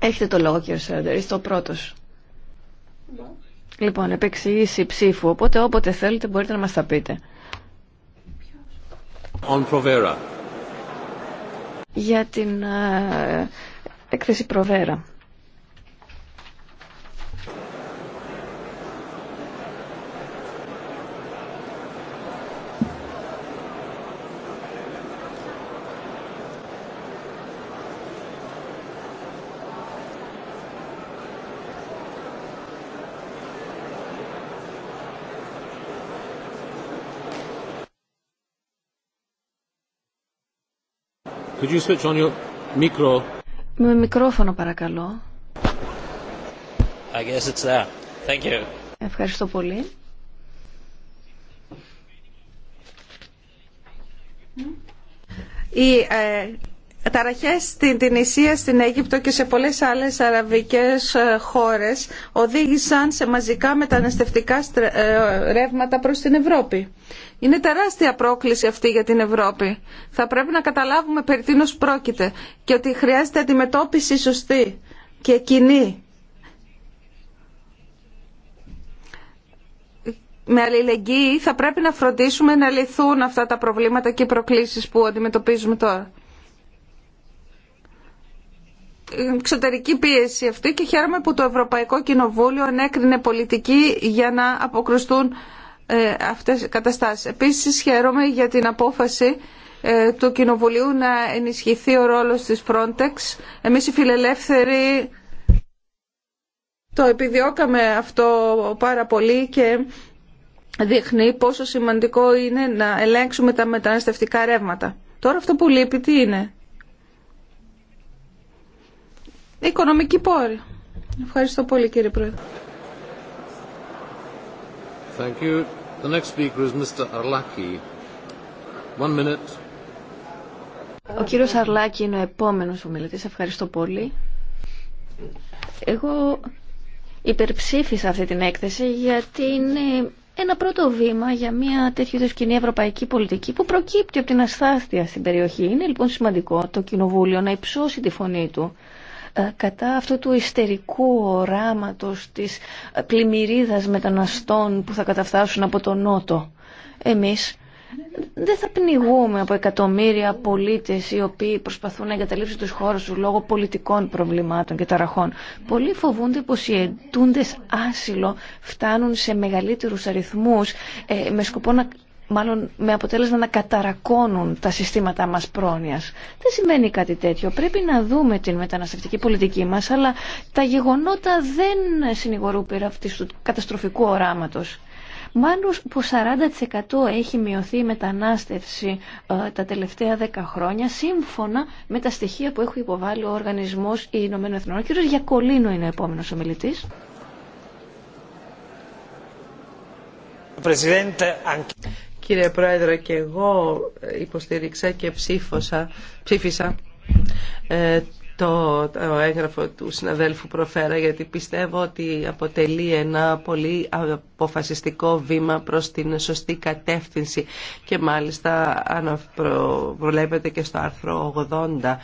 Έχετε το λόγο κύριε Σέντερ, είστε ο πρώτος. Λοιπόν, επεξηγήση ψήφου, οπότε όποτε θέλετε μπορείτε να μα τα πείτε. Για την ε, έκθεση Προβέρα. Could you switch on your micro? Με μικρόφωνο παρακαλώ. I guess it's there. Thank you. Ευχαριστώ πολύ. Η ε, ταραχές στην Τινησία, στην Αίγυπτο και σε πολλές άλλες αραβικές ε, χώρες οδήγησαν σε μαζικά μεταναστευτικά ε, ρεύματα προς την Ευρώπη. Είναι τεράστια πρόκληση αυτή για την Ευρώπη. Θα πρέπει να καταλάβουμε περί τίνος πρόκειται και ότι χρειάζεται αντιμετώπιση σωστή και κοινή. με αλληλεγγύη θα πρέπει να φροντίσουμε να λυθούν αυτά τα προβλήματα και οι προκλήσεις που αντιμετωπίζουμε τώρα εξωτερική πίεση αυτή και χαίρομαι που το Ευρωπαϊκό Κοινοβούλιο ανέκρινε πολιτική για να αποκρουστούν ε, αυτές οι καταστάσεις. Επίσης χαίρομαι για την απόφαση ε, του Κοινοβουλίου να ενισχυθεί ο ρόλος της Frontex. Εμείς οι φιλελεύθεροι το επιδιώκαμε αυτό πάρα πολύ και δείχνει πόσο σημαντικό είναι να ελέγξουμε τα μεταναστευτικά ρεύματα. Τώρα αυτό που λείπει τι είναι. Οικονομική πόρη. Ευχαριστώ πολύ κύριε Πρόεδρε. Thank you. Ο κύριος Αρλάκη είναι ο επόμενος ομιλητής. Ευχαριστώ πολύ. Εγώ υπερψήφισα αυτή την έκθεση γιατί είναι ένα πρώτο βήμα για μια τέτοιου είδου κοινή ευρωπαϊκή πολιτική που προκύπτει από την αστάθεια στην περιοχή. Είναι λοιπόν σημαντικό το Κοινοβούλιο να υψώσει τη φωνή του ε, κατά αυτού του ιστερικού οράματος της πλημμυρίδας μεταναστών που θα καταφτάσουν από τον Νότο. Εμείς δεν θα πνιγούμε από εκατομμύρια πολίτες οι οποίοι προσπαθούν να εγκαταλείψουν τους χώρους τους λόγω πολιτικών προβλημάτων και ταραχών. Πολλοί φοβούνται πως οι ετούντες άσυλο φτάνουν σε μεγαλύτερους αριθμούς ε, με σκοπό να μάλλον με αποτέλεσμα να καταρακώνουν τα συστήματα μας πρόνοιας. Δεν σημαίνει κάτι τέτοιο. Πρέπει να δούμε την μεταναστευτική πολιτική μας, αλλά τα γεγονότα δεν συνηγορούν πέρα αυτής του καταστροφικού οράματος. Μάλλον που 40% έχει μειωθεί η μετανάστευση ε, τα τελευταία 10 χρόνια σύμφωνα με τα στοιχεία που έχει υποβάλει ο Οργανισμός Ηνωμένων Εθνών. Ο κ. Γιακολίνο είναι ο επόμενος ομιλητής. Κύριε Πρόεδρε, και εγώ υποστήριξα και ψήφωσα, ψήφισα ε, το, το έγγραφο του συναδέλφου Προφέρα γιατί πιστεύω ότι αποτελεί ένα πολύ αποφασιστικό βήμα προς την σωστή κατεύθυνση και μάλιστα προβλέπεται και στο άρθρο 80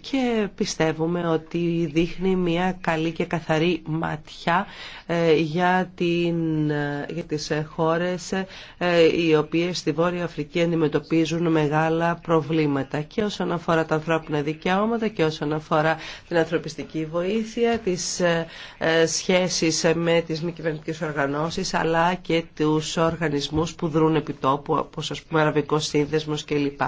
και πιστεύουμε ότι δείχνει μια καλή και καθαρή ματιά ε, για, την, ε, για τις χώρες ε, οι οποίες στη Βόρεια Αφρική αντιμετωπίζουν μεγάλα προβλήματα και όσον αφορά τα ανθρώπινα και όσον αφορά την ανθρωπιστική βοήθεια, τις ε, ε, σχέσεις με τις μη κυβερνητικέ οργανώσεις, αλλά και τους οργανισμούς που δρούν επιτόπου, όπως ας πούμε Αραβικός Σύνδεσμος κλπ.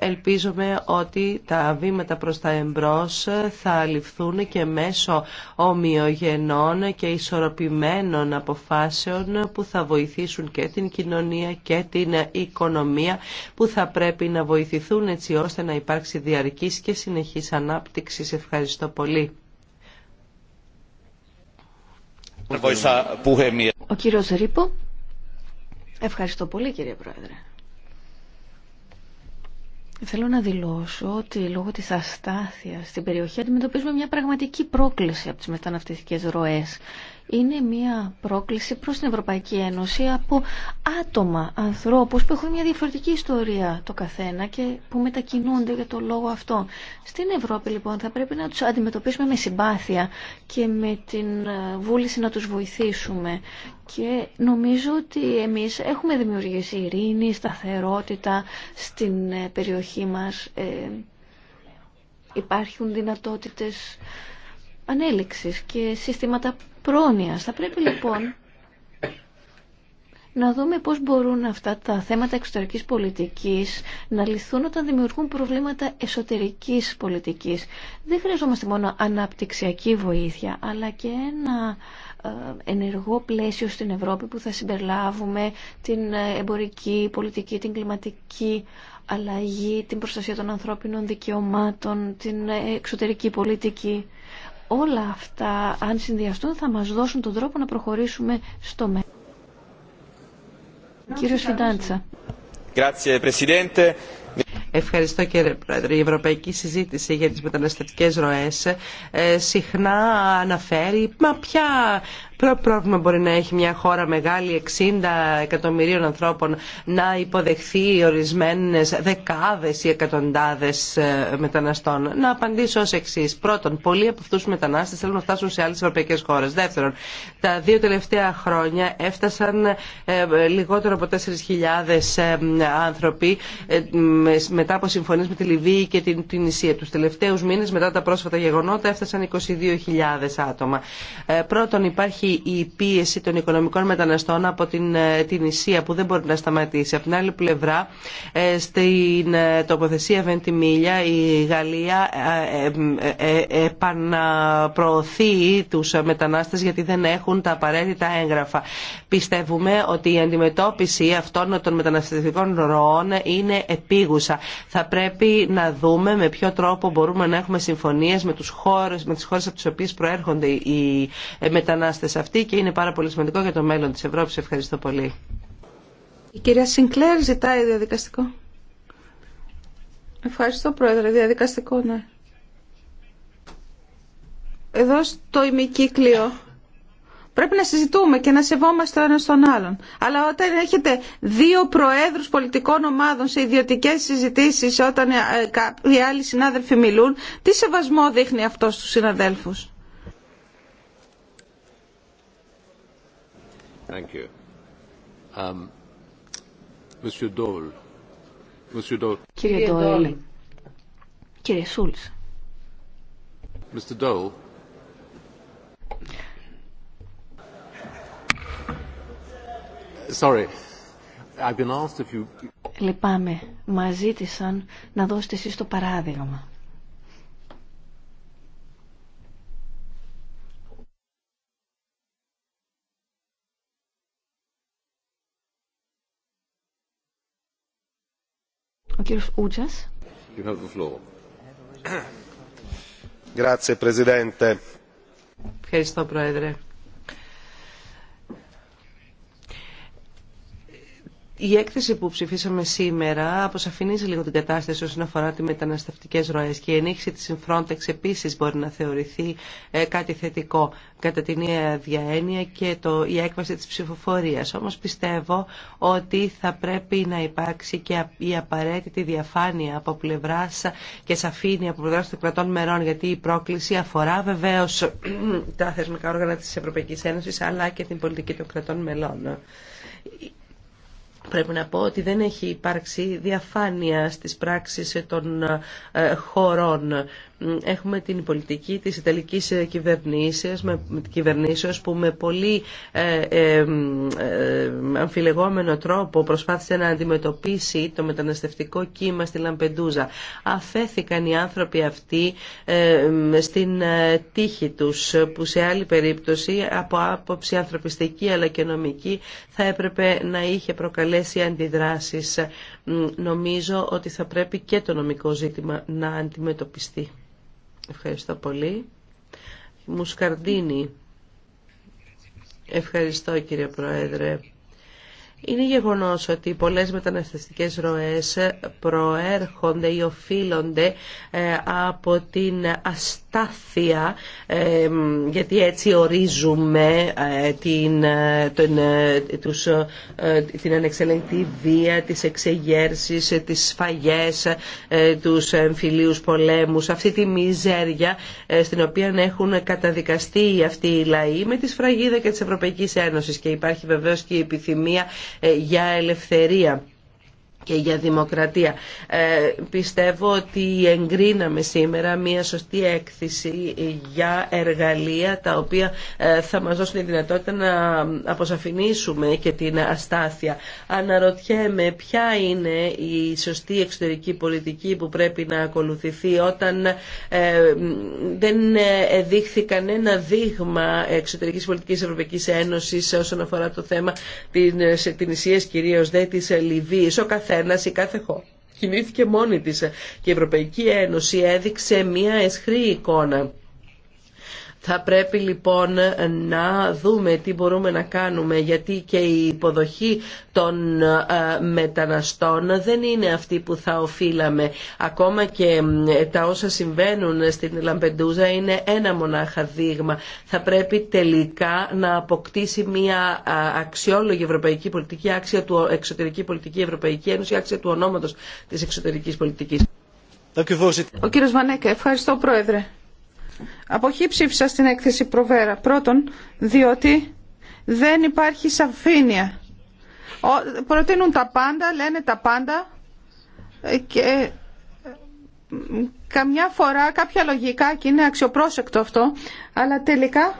Ελπίζουμε ότι τα βήματα προς τα εμπρός θα ληφθούν και μέσω ομοιογενών και ισορροπημένων αποφάσεων που θα βοηθήσουν και την κοινωνία και την οικονομία που θα πρέπει να βοηθηθούν έτσι ώστε να υπάρξει διαρκής και συνεχής ανάπτυξη. ευχαριστώ πολύ. Ο κύριος Ευχαριστώ πολύ κύριε Πρόεδρε. Θέλω να δηλώσω ότι λόγω της αστάθειας στην περιοχή αντιμετωπίζουμε μια πραγματική πρόκληση από τις μεταναστευτικές ροές είναι μια πρόκληση προς την Ευρωπαϊκή Ένωση από άτομα, ανθρώπους που έχουν μια διαφορετική ιστορία το καθένα και που μετακινούνται για το λόγο αυτό. Στην Ευρώπη λοιπόν θα πρέπει να τους αντιμετωπίσουμε με συμπάθεια και με την ε, βούληση να τους βοηθήσουμε. Και νομίζω ότι εμείς έχουμε δημιουργήσει ειρήνη, σταθερότητα στην ε, περιοχή μας. Ε, υπάρχουν δυνατότητες ανέληξης και συστήματα θα πρέπει λοιπόν να δούμε πώς μπορούν αυτά τα θέματα εξωτερικής πολιτικής να λυθούν όταν δημιουργούν προβλήματα εσωτερικής πολιτικής. Δεν χρειαζόμαστε μόνο αναπτυξιακή βοήθεια, αλλά και ένα ε, ενεργό πλαίσιο στην Ευρώπη που θα συμπεριλάβουμε την ε, εμπορική, πολιτική, την κλιματική αλλαγή, την προστασία των ανθρώπινων δικαιωμάτων, την ε, εξωτερική πολιτική όλα αυτά, αν συνδυαστούν, θα μας δώσουν τον τρόπο να προχωρήσουμε στο μέλλον. Ευχαριστώ κύριε Πρόεδρε. Η ευρωπαϊκή συζήτηση για τις μεταναστευτικές ροές ε, συχνά αναφέρει μα ποια προ πρόβλημα μπορεί να έχει μια χώρα μεγάλη 60 εκατομμυρίων ανθρώπων να υποδεχθεί ορισμένε δεκάδε ή εκατοντάδε ε, μεταναστών. Να απαντήσω ω εξή. Πρώτον, πολλοί από αυτού του μετανάστε θέλουν να φτάσουν σε άλλε ευρωπαϊκές χώρες. Δεύτερον, τα δύο τελευταία χρόνια έφτασαν ε, λιγότερο από 4.000 άνθρωποι μετά από συμφωνίες με τη Λιβύη και την Τινησία. Τους τελευταίους μήνες μετά τα πρόσφατα γεγονότα έφτασαν 22.000 άτομα. Ε, πρώτον υπάρχει η πίεση των οικονομικών μεταναστών από την ε, Τινησία που δεν μπορεί να σταματήσει. Από την άλλη πλευρά ε, στην τοποθεσία Βεντιμίλια η Γαλλία επαναπροωθεί τους μετανάστες γιατί δεν έχουν τα απαραίτητα έγγραφα. Πιστεύουμε ότι η αντιμετώπιση αυτών των μεταναστευτικών ροών είναι επίγουσα θα πρέπει να δούμε με ποιο τρόπο μπορούμε να έχουμε συμφωνίες με, τους χώρες, με τις χώρες από τις οποίες προέρχονται οι ε, μετανάστες αυτοί και είναι πάρα πολύ σημαντικό για το μέλλον της Ευρώπης. Ευχαριστώ πολύ. Η κυρία Σινκλέρ ζητάει διαδικαστικό. Ευχαριστώ πρόεδρε, διαδικαστικό ναι. Εδώ στο ημικύκλιο Πρέπει να συζητούμε και να σεβόμαστε ο ένα τον άλλον. Αλλά όταν έχετε δύο προέδρους πολιτικών ομάδων σε ιδιωτικέ συζητήσεις, όταν ε, οι άλλοι συνάδελφοι μιλούν, τι σεβασμό δείχνει αυτό στους συναδέλφους. Um, Κύριε Ντόλ. Κύριε Λυπάμαι. Μα ζήτησαν να δώσετε εσείς το παράδειγμα. Ο κύριος Ούτζας. Ευχαριστώ, Πρόεδρε. Η έκθεση που ψηφίσαμε σήμερα αποσαφηνίζει λίγο την κατάσταση όσον αφορά τι μεταναστευτικέ ροέ και η ενίχυση τη Frontex επίση μπορεί να θεωρηθεί ε, κάτι θετικό κατά την ίδια έννοια και το, η έκβαση τη ψηφοφορία. Όμω πιστεύω ότι θα πρέπει να υπάρξει και η απαραίτητη διαφάνεια από πλευρά και σαφήνεια από πλευρά των κρατών μερών, γιατί η πρόκληση αφορά βεβαίω τα θεσμικά όργανα τη Ευρωπαϊκή Ένωση αλλά και την πολιτική των κρατών μελών Πρέπει να πω ότι δεν έχει υπάρξει διαφάνεια στις πράξεις των ε, χωρών έχουμε την πολιτική της Ιταλικής ε, κυβερνήσεως, με, κυβερνήσεως που με πολύ ε, ε, ε, αμφιλεγόμενο τρόπο προσπάθησε να αντιμετωπίσει το μεταναστευτικό κύμα στη Λαμπεντούζα. Αφέθηκαν οι άνθρωποι αυτοί ε, στην τύχη τους που σε άλλη περίπτωση από άποψη ανθρωπιστική αλλά και νομική θα έπρεπε να είχε προκαλέσει αντιδράσεις. Νομίζω ότι θα πρέπει και το νομικό ζήτημα να αντιμετωπιστεί. Ευχαριστώ πολύ. Μουσκαρντίνη. Ευχαριστώ κύριε Πρόεδρε. Είναι γεγονός ότι πολλές μεταναστευτικές ροές προέρχονται ή οφείλονται ε, από την αστυνομία αστάθεια γιατί έτσι ορίζουμε ε, την, ε, τον, ε, τους, την ανεξελεγκτή βία, τις εξεγέρσεις, τις σφαγές, τους εμφυλίους πολέμους, αυτή τη μιζέρια στην οποία έχουν καταδικαστεί αυτοί οι λαοί με τη σφραγίδα και της Ευρωπαϊκής Ένωσης και υπάρχει βεβαίως και η επιθυμία για ελευθερία και για δημοκρατία. Ε, πιστεύω ότι εγκρίναμε σήμερα μια σωστή έκθεση για εργαλεία τα οποία ε, θα μας δώσουν τη δυνατότητα να αποσαφηνίσουμε και την αστάθεια. Αναρωτιέμαι ποια είναι η σωστή εξωτερική πολιτική που πρέπει να ακολουθηθεί όταν ε, δεν δείχθη κανένα δείγμα εξωτερικής πολιτικής Ευρωπαϊκής Ένωσης όσον αφορά το θέμα της νησία ε, κυρίως δε της Λιβύης. Ο καθένας καθένα ή κάθε χώρα κινήθηκε μόνη της και η Ευρωπαϊκή Ένωση έδειξε μία εσχρή εικόνα θα πρέπει λοιπόν να δούμε τι μπορούμε να κάνουμε γιατί και η υποδοχή των ε, μεταναστών δεν είναι αυτή που θα οφείλαμε. Ακόμα και τα όσα συμβαίνουν στην Λαμπεντούζα είναι ένα μονάχα δείγμα. Θα πρέπει τελικά να αποκτήσει μια αξιόλογη ευρωπαϊκή πολιτική, άξια του εξωτερική πολιτική Ευρωπαϊκή Ένωση, άξια του ονόματος της εξωτερικής πολιτικής. Ο κύριος Βανέκα, ευχαριστώ Πρόεδρε. Αποχή ψήφισα στην έκθεση Προβέρα. Πρώτον, διότι δεν υπάρχει σαφήνεια. Προτείνουν τα πάντα, λένε τα πάντα ε, και ε, καμιά φορά κάποια λογικά και είναι αξιοπρόσεκτο αυτό, αλλά τελικά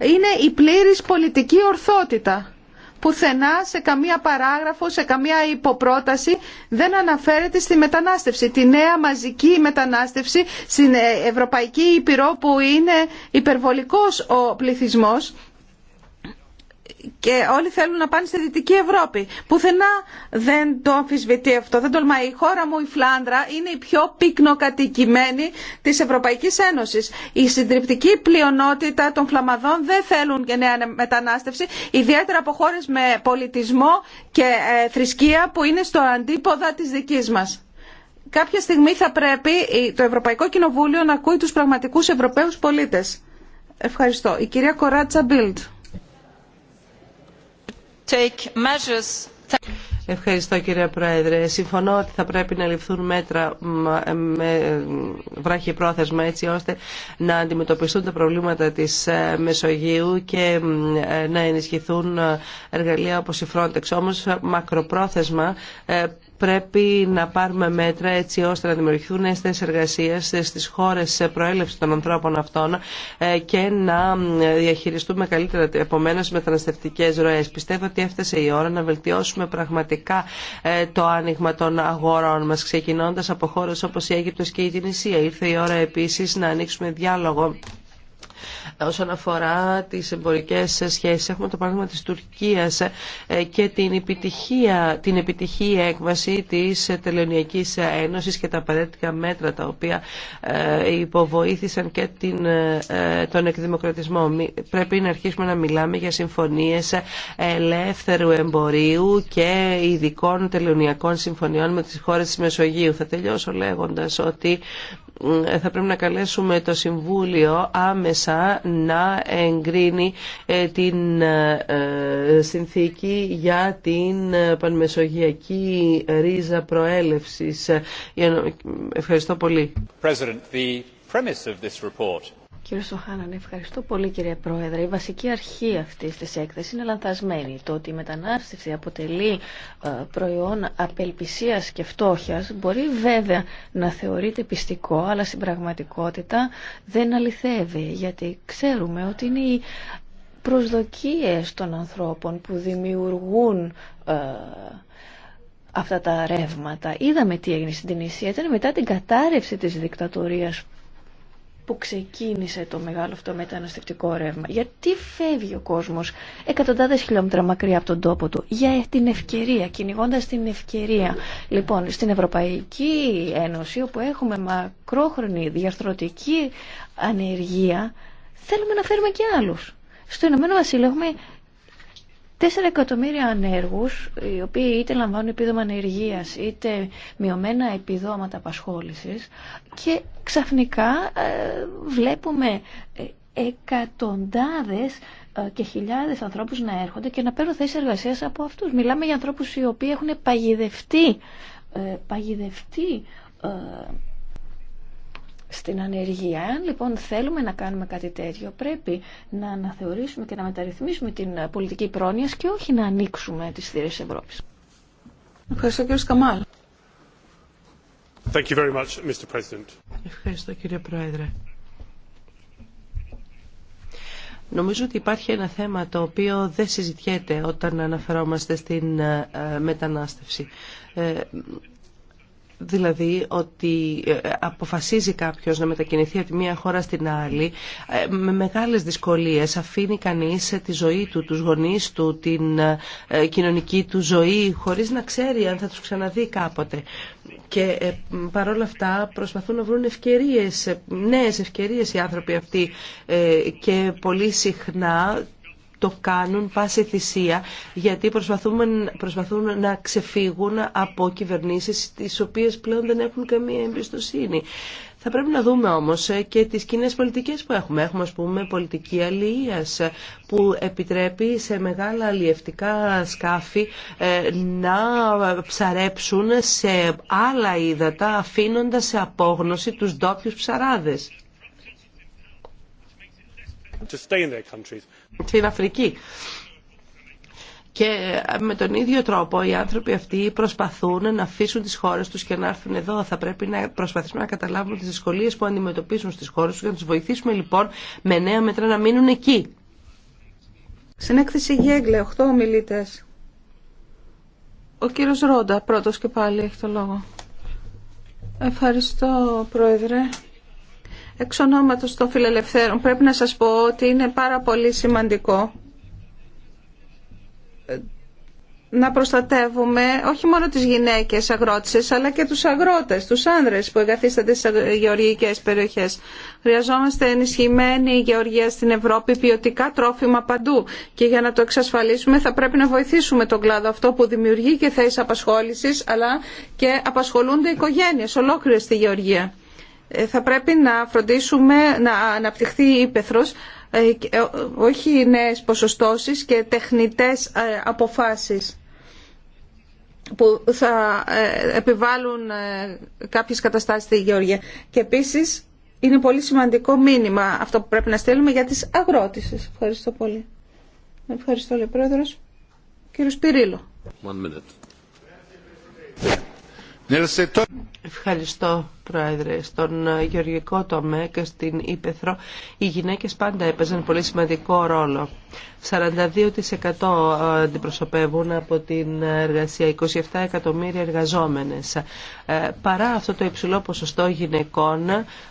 είναι η πλήρης πολιτική ορθότητα πουθενά σε καμία παράγραφο, σε καμία υποπρόταση δεν αναφέρεται στη μετανάστευση, τη νέα μαζική μετανάστευση στην Ευρωπαϊκή Ήπειρο που είναι υπερβολικός ο πληθυσμός και όλοι θέλουν να πάνε στη Δυτική Ευρώπη. Πουθενά δεν το αμφισβητεί αυτό, δεν τολμάει. Η χώρα μου, η Φλάνδρα, είναι η πιο πυκνοκατοικημένη τη Ευρωπαϊκή Ένωση. Η συντριπτική πλειονότητα των Φλαμαδών δεν θέλουν και νέα μετανάστευση, ιδιαίτερα από χώρε με πολιτισμό και ε, θρησκεία που είναι στο αντίποδα τη δική μα. Κάποια στιγμή θα πρέπει το Ευρωπαϊκό Κοινοβούλιο να ακούει του πραγματικού Ευρωπαίου πολίτε. Ευχαριστώ. Η κυρία Κοράτσα Μπίλτ. Ευχαριστώ κύριε Πρόεδρε. Συμφωνώ ότι θα πρέπει να ληφθούν μέτρα με βράχη πρόθεσμα έτσι ώστε να αντιμετωπιστούν τα προβλήματα της ε, Μεσογείου και ε, να ενισχυθούν ε, εργαλεία όπως η Frontex. Όμως μακροπρόθεσμα πρέπει να πάρουμε μέτρα έτσι ώστε να δημιουργηθούν νέε θέσει στις χώρες προέλευση των ανθρώπων αυτών ε, και να διαχειριστούμε καλύτερα επομένως μεταναστευτικέ ροέ. Πιστεύω ότι έφτασε η ώρα να βελτιώσουμε πραγματικά ε, το άνοιγμα των αγορών μας ξεκινώντας από χώρε όπως η Αίγυπτος και η Τινησία. Ήρθε η ώρα επίση να ανοίξουμε διάλογο όσον αφορά τις εμπορικές σχέσεις. Έχουμε το παράδειγμα της Τουρκίας ε, και την επιτυχία, την επιτυχή έκβαση της Τελωνιακή Ένωσης και τα απαραίτητα μέτρα τα οποία ε, υποβοήθησαν και την, ε, τον εκδημοκρατισμό. Πρέπει να αρχίσουμε να μιλάμε για συμφωνίες ελεύθερου εμπορίου και ειδικών τελωνιακών συμφωνιών με τις χώρες της Μεσογείου. Θα τελειώσω λέγοντας ότι ε, θα πρέπει να καλέσουμε το Συμβούλιο άμεσα να εγκρίνει ε, την ε, συνθήκη για την πανμεσογειακή ρίζα προέλευσης. Ευχαριστώ πολύ. Κύριε Σοχάναν, ναι, ευχαριστώ πολύ κύριε Πρόεδρε. Η βασική αρχή αυτή τη έκθεση είναι λανθασμένη. Το ότι η μετανάστευση αποτελεί ε, προϊόν απελπισία και φτώχεια μπορεί βέβαια να θεωρείται πιστικό, αλλά στην πραγματικότητα δεν αληθεύει. Γιατί ξέρουμε ότι είναι οι προσδοκίες των ανθρώπων που δημιουργούν ε, αυτά τα ρεύματα. Είδαμε τι έγινε στην Τινησία. Ήταν μετά την κατάρρευση της δικτατορίας που ξεκίνησε το μεγάλο αυτό μεταναστευτικό ρεύμα. Γιατί φεύγει ο κόσμος εκατοντάδες χιλιόμετρα μακριά από τον τόπο του για την ευκαιρία, κυνηγώντα την ευκαιρία. Λοιπόν, στην Ευρωπαϊκή Ένωση όπου έχουμε μακρόχρονη διαρθρωτική ανεργία θέλουμε να φέρουμε και άλλους. Στο Ηνωμένο Βασίλειο έχουμε Τέσσερα εκατομμύρια ανέργους, οι οποίοι είτε λαμβάνουν επίδομα ανεργίας, είτε μειωμένα επιδόματα απασχόλησης και ξαφνικά ε, βλέπουμε ε, εκατοντάδες ε, και χιλιάδες ανθρώπους να έρχονται και να παίρνουν θέσεις εργασίας από αυτούς. Μιλάμε για ανθρώπους οι οποίοι έχουν παγιδευτεί, παγιδευτεί στην ανεργία. Αν λοιπόν θέλουμε να κάνουμε κάτι τέτοιο, πρέπει να αναθεωρήσουμε και να μεταρρυθμίσουμε την πολιτική πρόνοια και όχι να ανοίξουμε τις θύρες Ευρώπη. Ευχαριστώ κύριε Σκαμάλ. Thank you very much, Mr. President. Ευχαριστώ κύριε Πρόεδρε. Νομίζω ότι υπάρχει ένα θέμα το οποίο δεν συζητιέται όταν αναφερόμαστε στην ε, μετανάστευση ε, δηλαδή ότι ε, αποφασίζει κάποιος να μετακινηθεί από μία χώρα στην άλλη ε, με μεγάλες δυσκολίες. Αφήνει κανείς ε, τη ζωή του, τους γονείς του, την κοινωνική του ζωή χωρίς να ξέρει αν θα τους ξαναδεί κάποτε. Και παρόλα αυτά προσπαθούν να βρουν ευκαιρίες, νέες ευκαιρίες οι άνθρωποι αυτοί και πολύ συχνά το κάνουν πάση θυσία γιατί προσπαθούν, προσπαθούν να ξεφύγουν από κυβερνήσεις τις οποίες πλέον δεν έχουν καμία εμπιστοσύνη. Θα πρέπει να δούμε όμως ε, και τις κοινέ πολιτικές που έχουμε. Έχουμε ας πούμε πολιτική αλληλείας που επιτρέπει σε μεγάλα αλλιευτικά σκάφη ε, να ψαρέψουν σε άλλα ύδατα αφήνοντας σε απόγνωση τους ντόπιου ψαράδες. Στην Αφρική. Και ε, με τον ίδιο τρόπο οι άνθρωποι αυτοί προσπαθούν να αφήσουν τις χώρες τους και να έρθουν εδώ. Θα πρέπει να προσπαθήσουμε να καταλάβουμε τις δυσκολίες που αντιμετωπίζουν στις χώρες τους και να τους βοηθήσουμε λοιπόν με νέα μέτρα να μείνουν εκεί. Στην έκθεση Γέγκλε, 8 ομιλητές. Ο κύριος Ρόντα, πρώτος και πάλι έχει το λόγο. Ευχαριστώ, Πρόεδρε. Εξ ονόματος των φιλελευθέρων πρέπει να σας πω ότι είναι πάρα πολύ σημαντικό ε, να προστατεύουμε όχι μόνο τις γυναίκες αγρότησες αλλά και τους αγρότες, τους άνδρες που εγκαθίστανται στις γεωργικές περιοχές. Χρειαζόμαστε ενισχυμένη γεωργία στην Ευρώπη, ποιοτικά τρόφιμα παντού και για να το εξασφαλίσουμε θα πρέπει να βοηθήσουμε τον κλάδο αυτό που δημιουργεί και θέσει απασχόλησης αλλά και απασχολούνται οικογένειες ολόκληρες στη γεωργία. Ε, θα πρέπει να φροντίσουμε να αναπτυχθεί η ύπεθρος, ε, ε, όχι νέες ποσοστώσεις και τεχνητές αποφάσεις που θα επιβάλλουν κάποιες καταστάσεις στη Γεωργία. Και επίσης είναι πολύ σημαντικό μήνυμα αυτό που πρέπει να στέλνουμε για τις αγρότησες. Ευχαριστώ πολύ. Ευχαριστώ, λέει Πρόεδρος. Κύριος Πυρίλο. One minute. Ευχαριστώ, Πρόεδρε. Στον ε, γεωργικό τομέα και στην Ήπεθρο, οι γυναίκες πάντα έπαιζαν πολύ σημαντικό ρόλο. 42% ε, αντιπροσωπεύουν από την εργασία, 27 εκατομμύρια εργαζόμενες. Ε, παρά αυτό το υψηλό ποσοστό γυναικών,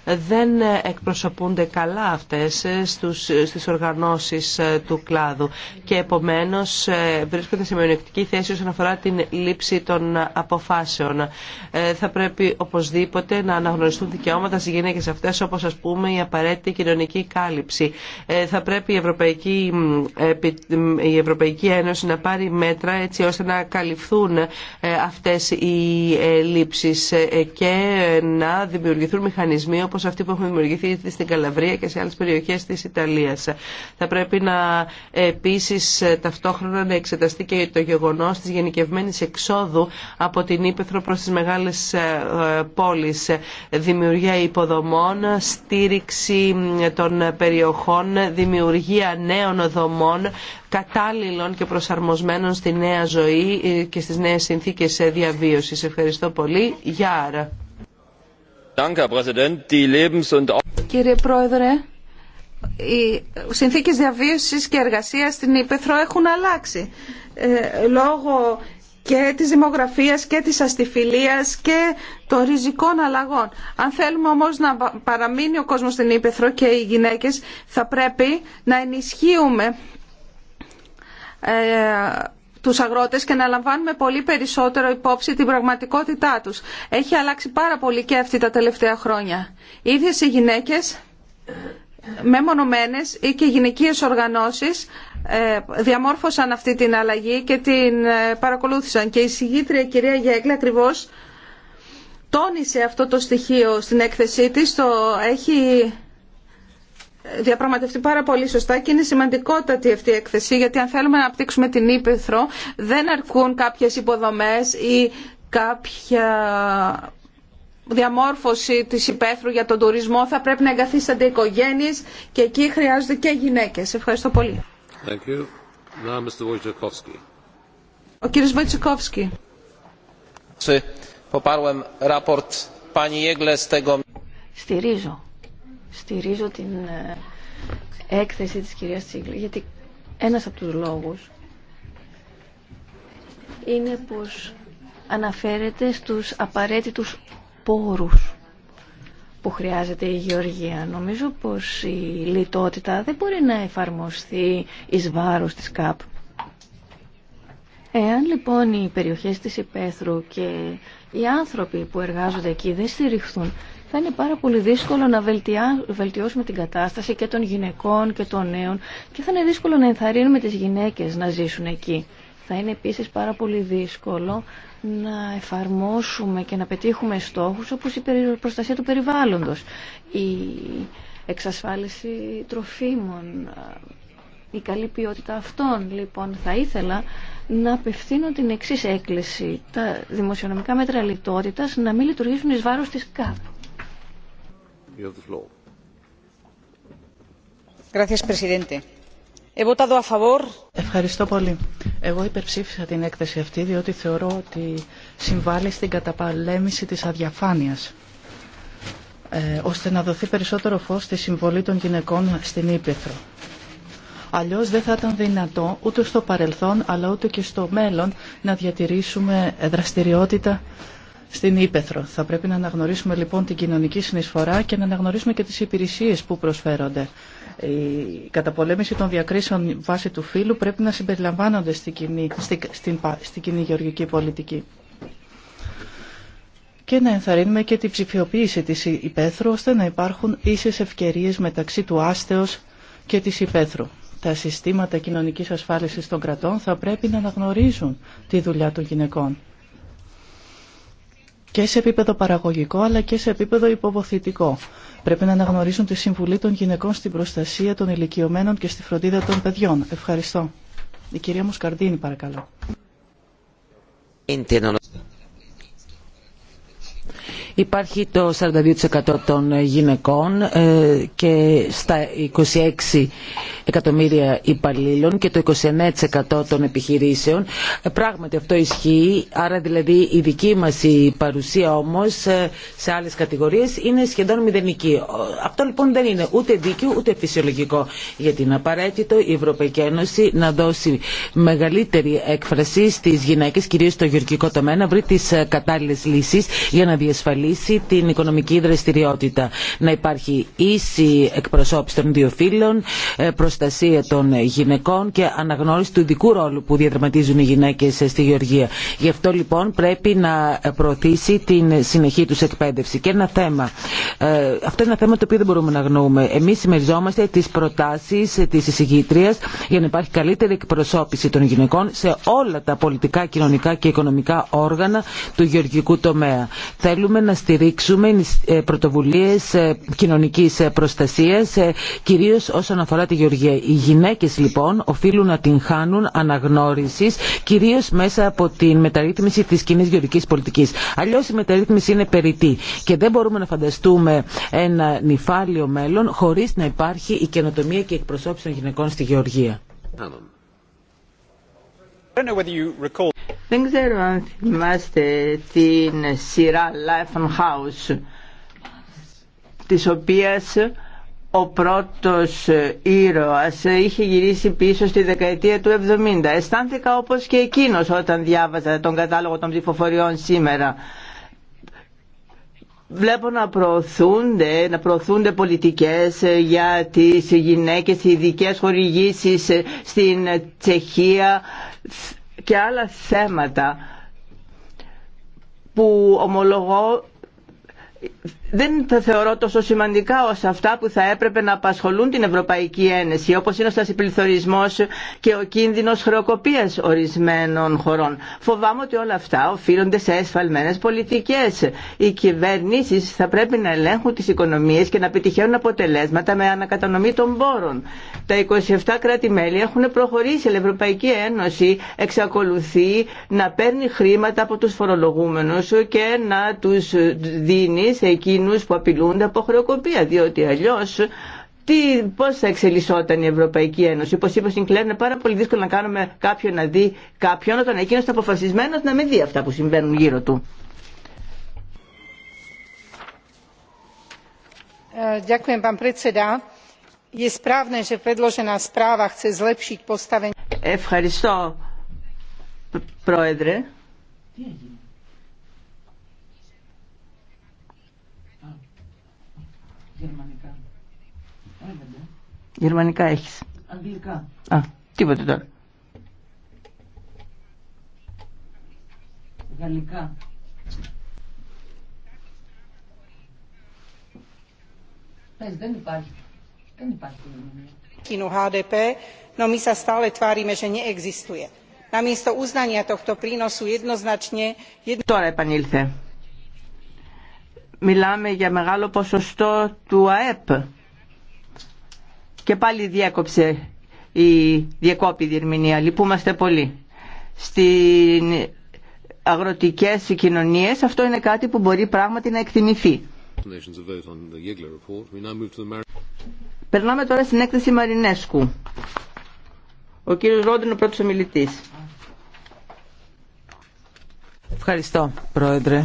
δεν εκπροσωπούνται καλά αυτές στους, στις οργανώσεις του κλάδου και επομένως βρίσκονται σε μειονεκτική θέση όσον αφορά την λήψη των αποφάσεων. Θα πρέπει οπωσδήποτε να αναγνωριστούν δικαιώματα στι γυναίκε αυτέ, όπω α πούμε η απαραίτητη κοινωνική κάλυψη. Ε, θα πρέπει η Ευρωπαϊκή, η Ευρωπαϊκή Ένωση να πάρει μέτρα έτσι ώστε να καλυφθούν ε, αυτέ οι ε, λήψει και να δημιουργηθούν μηχανισμοί όπω αυτοί που έχουν δημιουργηθεί στην Καλαβρία και σε άλλε περιοχέ τη Ιταλία. Θα πρέπει να επίσης ταυτόχρονα να εξεταστεί και το γεγονό τη γενικευμένη εξόδου από την Ήπεθρο προ τι μεγάλε πόλεις, δημιουργία υποδομών, στήριξη των περιοχών, δημιουργία νέων δομών, κατάλληλων και προσαρμοσμένων στη νέα ζωή και στις νέες συνθήκες διαβίωσης. Ευχαριστώ πολύ. Γιάρα. Κύριε Πρόεδρε, οι συνθήκες διαβίωσης και εργασίας στην Υπέθρο έχουν αλλάξει ε, λόγω και της δημογραφίας και της αστιφιλίας και των ριζικών αλλαγών. Αν θέλουμε όμως να παραμείνει ο κόσμος στην Ήπεθρο και οι γυναίκες θα πρέπει να ενισχύουμε ε, τους αγρότες και να λαμβάνουμε πολύ περισσότερο υπόψη την πραγματικότητά τους. Έχει αλλάξει πάρα πολύ και αυτή τα τελευταία χρόνια. Οι ίδιες οι γυναίκες μεμονωμένες ή και γυναικείες οργανώσεις ε, διαμόρφωσαν αυτή την αλλαγή και την ε, παρακολούθησαν. Και η συγγήτρια κυρία Γέγλε ακριβώ, τόνισε αυτό το στοιχείο στην έκθεσή της, το έχει διαπραγματευτεί πάρα πολύ σωστά και είναι σημαντικότατη αυτή η έκθεση γιατί αν θέλουμε να απτύξουμε την Ήπεθρο δεν αρκούν κάποιες υποδομές ή κάποια διαμόρφωση της υπαίθρου για τον τουρισμό θα πρέπει να εγκαθίστανται οικογένειες και εκεί χρειάζονται και γυναίκες. Ευχαριστώ πολύ. Thank you. Now, Mr. Ο κύριος Βοητσικόφσκι. Στηρίζω. Στηρίζω την e, έκθεση της κυρίας Τσίγκλη, γιατί ένας από τους λόγους είναι πως αναφέρεται στους απαραίτητους πόρους που χρειάζεται η Γεωργία. Νομίζω πως η λιτότητα δεν μπορεί να εφαρμοστεί εις βάρος της ΚΑΠ. Εάν λοιπόν οι περιοχές της Υπέθρου και οι άνθρωποι που εργάζονται εκεί δεν στηριχθούν, θα είναι πάρα πολύ δύσκολο να βελτιώσουμε την κατάσταση και των γυναικών και των νέων και θα είναι δύσκολο να ενθαρρύνουμε τις γυναίκες να ζήσουν εκεί. Θα είναι επίσης πάρα πολύ δύσκολο να εφαρμόσουμε και να πετύχουμε στόχους όπως η προστασία του περιβάλλοντος, η εξασφάλιση τροφίμων, η καλή ποιότητα αυτών. Λοιπόν, θα ήθελα να απευθύνω την εξή έκκληση. Τα δημοσιονομικά μέτρα λιτότητας να μην λειτουργήσουν εις βάρος της ΚΑΠ. Gracias, presidente. Ευχαριστώ πολύ. Εγώ υπερψήφισα την έκθεση αυτή διότι θεωρώ ότι συμβάλλει στην καταπαλέμηση της αδιαφάνειας ε, ώστε να δοθεί περισσότερο φως στη συμβολή των γυναικών στην Ήπεθρο. Αλλιώς δεν θα ήταν δυνατό ούτε στο παρελθόν αλλά ούτε και στο μέλλον να διατηρήσουμε δραστηριότητα στην Ήπεθρο. Θα πρέπει να αναγνωρίσουμε λοιπόν την κοινωνική συνεισφορά και να αναγνωρίσουμε και τις υπηρεσίες που προσφέρονται. Η καταπολέμηση των διακρίσεων βάσει του φύλου πρέπει να συμπεριλαμβάνονται στην κοινή, στη, στην, κοινή γεωργική πολιτική και να ενθαρρύνουμε και την ψηφιοποίηση της Ήπεθρου ώστε να υπάρχουν ίσες ευκαιρίες μεταξύ του άστεως και της υπαίθρου. Τα συστήματα κοινωνικής ασφάλισης των κρατών θα πρέπει να αναγνωρίζουν τη δουλειά των γυναικών και σε επίπεδο παραγωγικό αλλά και σε επίπεδο υποβοθητικό. Πρέπει να αναγνωρίσουν τη συμβουλή των γυναικών στην προστασία των ηλικιωμένων και στη φροντίδα των παιδιών. Ευχαριστώ. Η κυρία Μουσκαρδίνη παρακαλώ. Υπάρχει το 42% των γυναικών ε, και στα 26 εκατομμύρια υπαλλήλων και το 29% των επιχειρήσεων. Ε, πράγματι αυτό ισχύει, άρα δηλαδή η δική μας η παρουσία όμως ε, σε άλλες κατηγορίες είναι σχεδόν μηδενική. Αυτό λοιπόν δεν είναι ούτε δίκαιο ούτε φυσιολογικό γιατί είναι απαραίτητο η Ευρωπαϊκή Ένωση να δώσει μεγαλύτερη έκφραση στις γυναίκες κυρίως στο γεωργικό τομέα να βρει τις ε, κατάλληλες λύσεις για να διασφαλίσει την οικονομική δραστηριότητα. Να υπάρχει ίση εκπροσώπηση των δύο φύλων, προστασία των γυναικών και αναγνώριση του ειδικού ρόλου που διαδραματίζουν οι γυναίκες στη Γεωργία. Γι' αυτό λοιπόν πρέπει να προωθήσει την συνεχή του εκπαίδευση. Και ένα θέμα, ε, αυτό είναι ένα θέμα το οποίο δεν μπορούμε να αγνοούμε. Εμείς συμμεριζόμαστε τις προτάσεις της εισηγήτριας για να υπάρχει καλύτερη εκπροσώπηση των γυναικών σε όλα τα πολιτικά, κοινωνικά και οικονομικά όργανα του γεωργικού τομέα. Θέλουμε να στηρίξουμε ε, πρωτοβουλίες ε, κοινωνικής προστασίας, κυρίως όσον αφορά τη γεωργία οι γυναίκες λοιπόν οφείλουν να την χάνουν αναγνώρισης κυρίως μέσα από την μεταρρύθμιση της κοινή γεωργικής πολιτικής. Αλλιώς η μεταρρύθμιση είναι περιττή και δεν μπορούμε να φανταστούμε ένα νυφάλιο μέλλον χωρίς να υπάρχει η καινοτομία και η εκπροσώπηση των γυναικών στη γεωργία. Δεν ξέρω αν θυμάστε την σειρά Life and House της οποίας ο πρώτος ήρωας είχε γυρίσει πίσω στη δεκαετία του 70. Αισθάνθηκα όπως και εκείνος όταν διάβαζα τον κατάλογο των ψηφοφοριών σήμερα. Βλέπω να προωθούνται, να προωθούνται πολιτικές για τις γυναίκες, ειδικέ χορηγήσεις στην Τσεχία και άλλα θέματα που ομολογώ δεν θα θεωρώ τόσο σημαντικά ως αυτά που θα έπρεπε να απασχολούν την Ευρωπαϊκή Ένωση, όπως είναι ο στασιπληθωρισμός και ο κίνδυνος χρεοκοπίας ορισμένων χωρών. Φοβάμαι ότι όλα αυτά οφείλονται σε εσφαλμένες πολιτικές. Οι κυβερνήσεις θα πρέπει να ελέγχουν τις οικονομίες και να επιτυχαίνουν αποτελέσματα με ανακατανομή των πόρων. Τα 27 κράτη-μέλη έχουν προχωρήσει. Η Ευρωπαϊκή Ένωση εξακολουθεί να παίρνει χρήματα από τους φορολογούμενους και να τους δίνει σε εκείνους που απειλούνται από χρεοκοπία, διότι αλλιώς τι, πώς θα εξελισσόταν η Ευρωπαϊκή Ένωση. Όπως είπε ο Σινκλέρ, είναι πάρα πολύ δύσκολο να κάνουμε κάποιον να δει κάποιον όταν εκείνος είναι αποφασισμένος να μην δει αυτά που συμβαίνουν γύρω του. Ε, Ευχαριστώ, Πρόεδρε. Γερμανικά έχεις. Αγγλικά. Α, τίποτε τώρα. Γαλλικά. Πες, δεν υπάρχει. Δεν υπάρχει. Kinu HDP, no my sa stále tvárime, že neexistuje. Namiesto uznania tohto prínosu jednoznačne... Jedno... Τώρα επανήλθε. Μιλάμε για μεγάλο ποσοστό του ΑΕΠ και πάλι διέκοψε η διακόπη διερμηνία. Λυπούμαστε πολύ. Στην αγροτικές κοινωνίες αυτό είναι κάτι που μπορεί πράγματι να εκτιμηθεί. Περνάμε τώρα στην έκθεση Μαρινέσκου. Ο κύριος Ρόντιν, ο πρώτος ομιλητής. Ευχαριστώ, Πρόεδρε.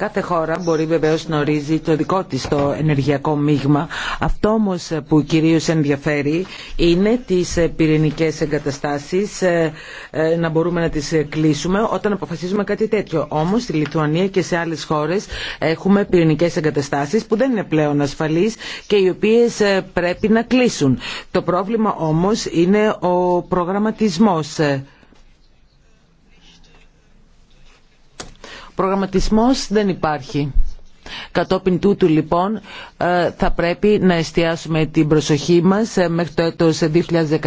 Κάθε χώρα μπορεί βεβαίως να ορίζει το δικό της το ενεργειακό μείγμα. Αυτό όμως που κυρίως ενδιαφέρει είναι τις πυρηνικές εγκαταστάσεις ε, ε, να μπορούμε να τις κλείσουμε όταν αποφασίζουμε κάτι τέτοιο. Όμως στη Λιθουανία και σε άλλες χώρες έχουμε πυρηνικές εγκαταστάσεις που δεν είναι πλέον ασφαλείς και οι οποίες ε, πρέπει να κλείσουν. Το πρόβλημα όμως είναι ο προγραμματισμός. Προγραμματισμός δεν υπάρχει. Κατόπιν τούτου λοιπόν ε, θα πρέπει να εστιάσουμε την προσοχή μας ε, μέχρι το έτος 2013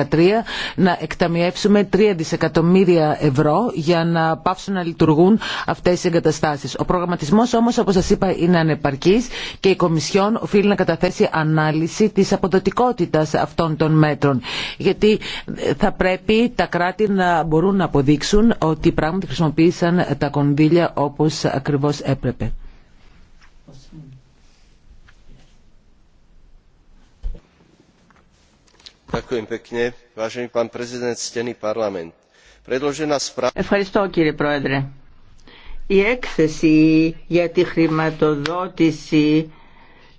να εκταμιεύσουμε 3 δισεκατομμύρια ευρώ για να πάψουν να λειτουργούν αυτές οι εγκαταστάσεις. Ο προγραμματισμός όμως όπως σας είπα είναι ανεπαρκής και η Κομισιόν οφείλει να καταθέσει ανάλυση της αποδοτικότητας αυτών των μέτρων. Γιατί ε, θα πρέπει τα κράτη να μπορούν να αποδείξουν ότι πράγματι χρησιμοποίησαν τα κονδύλια όπως ακριβώς έπρεπε. Ευχαριστώ κύριε Πρόεδρε. Η έκθεση για τη χρηματοδότηση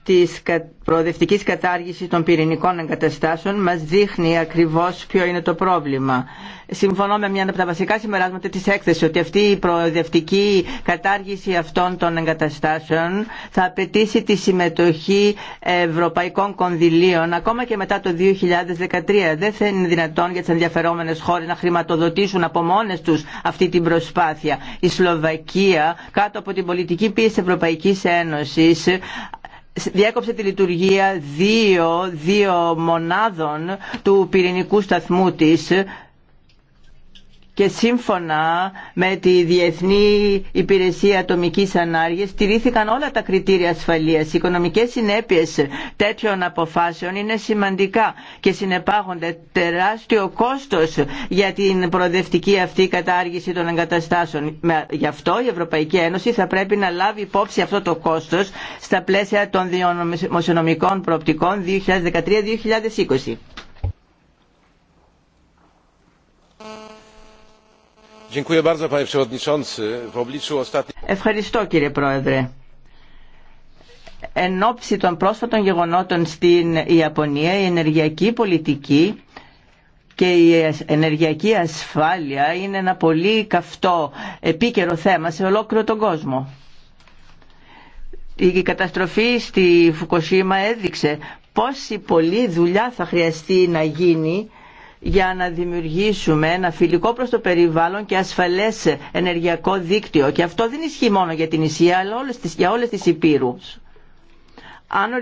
της προοδευτικής κατάργησης των πυρηνικών εγκαταστάσεων μας δείχνει ακριβώς ποιο είναι το πρόβλημα. Συμφωνώ με μια από τα βασικά συμπεράσματα της έκθεσης ότι αυτή η προοδευτική κατάργηση αυτών των εγκαταστάσεων θα απαιτήσει τη συμμετοχή ευρωπαϊκών κονδυλίων ακόμα και μετά το 2013. Δεν θα είναι δυνατόν για τις ενδιαφερόμενες χώρες να χρηματοδοτήσουν από μόνες τους αυτή την προσπάθεια. Η Σλοβακία κάτω από την πολιτική πίεση Ευρωπαϊκής Ένωσης διέκοψε τη λειτουργία δύο, δύο μονάδων του πυρηνικού σταθμού της και σύμφωνα με τη Διεθνή Υπηρεσία Ατομικής Ανάργειας στηρίθηκαν όλα τα κριτήρια ασφαλείας. Οι οικονομικές συνέπειες τέτοιων αποφάσεων είναι σημαντικά και συνεπάγονται τεράστιο κόστος για την προοδευτική αυτή κατάργηση των εγκαταστάσεων. Γι' αυτό η Ευρωπαϊκή Ένωση θα πρέπει να λάβει υπόψη αυτό το κόστος στα πλαίσια των δημοσιονομικών προοπτικών 2013-2020. Ευχαριστώ κύριε Πρόεδρε. Εν ώψη των πρόσφατων γεγονότων στην Ιαπωνία, η ενεργειακή πολιτική και η ενεργειακή ασφάλεια είναι ένα πολύ καυτό επίκαιρο θέμα σε ολόκληρο τον κόσμο. Η καταστροφή στη Φουκοσίμα έδειξε πόση πολλή δουλειά θα χρειαστεί να γίνει για να δημιουργήσουμε ένα φιλικό προς το περιβάλλον και ασφαλές ενεργειακό δίκτυο. Και αυτό δεν ισχύει μόνο για την Ισία, αλλά για όλες τις υπήρους. Αν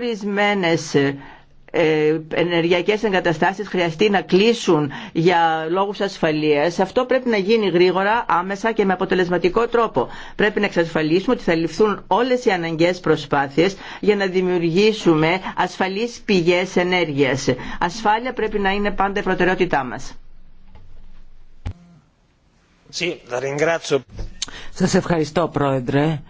ε, ενεργειακές εγκαταστάσεις χρειαστεί να κλείσουν για λόγους ασφαλείας, αυτό πρέπει να γίνει γρήγορα, άμεσα και με αποτελεσματικό τρόπο. Πρέπει να εξασφαλίσουμε ότι θα ληφθούν όλες οι αναγκαίες προσπάθειες για να δημιουργήσουμε ασφαλείς πηγές ενέργειας. Ασφάλεια πρέπει να είναι πάντα η προτεραιότητά μας. Σας ευχαριστώ Πρόεδρε.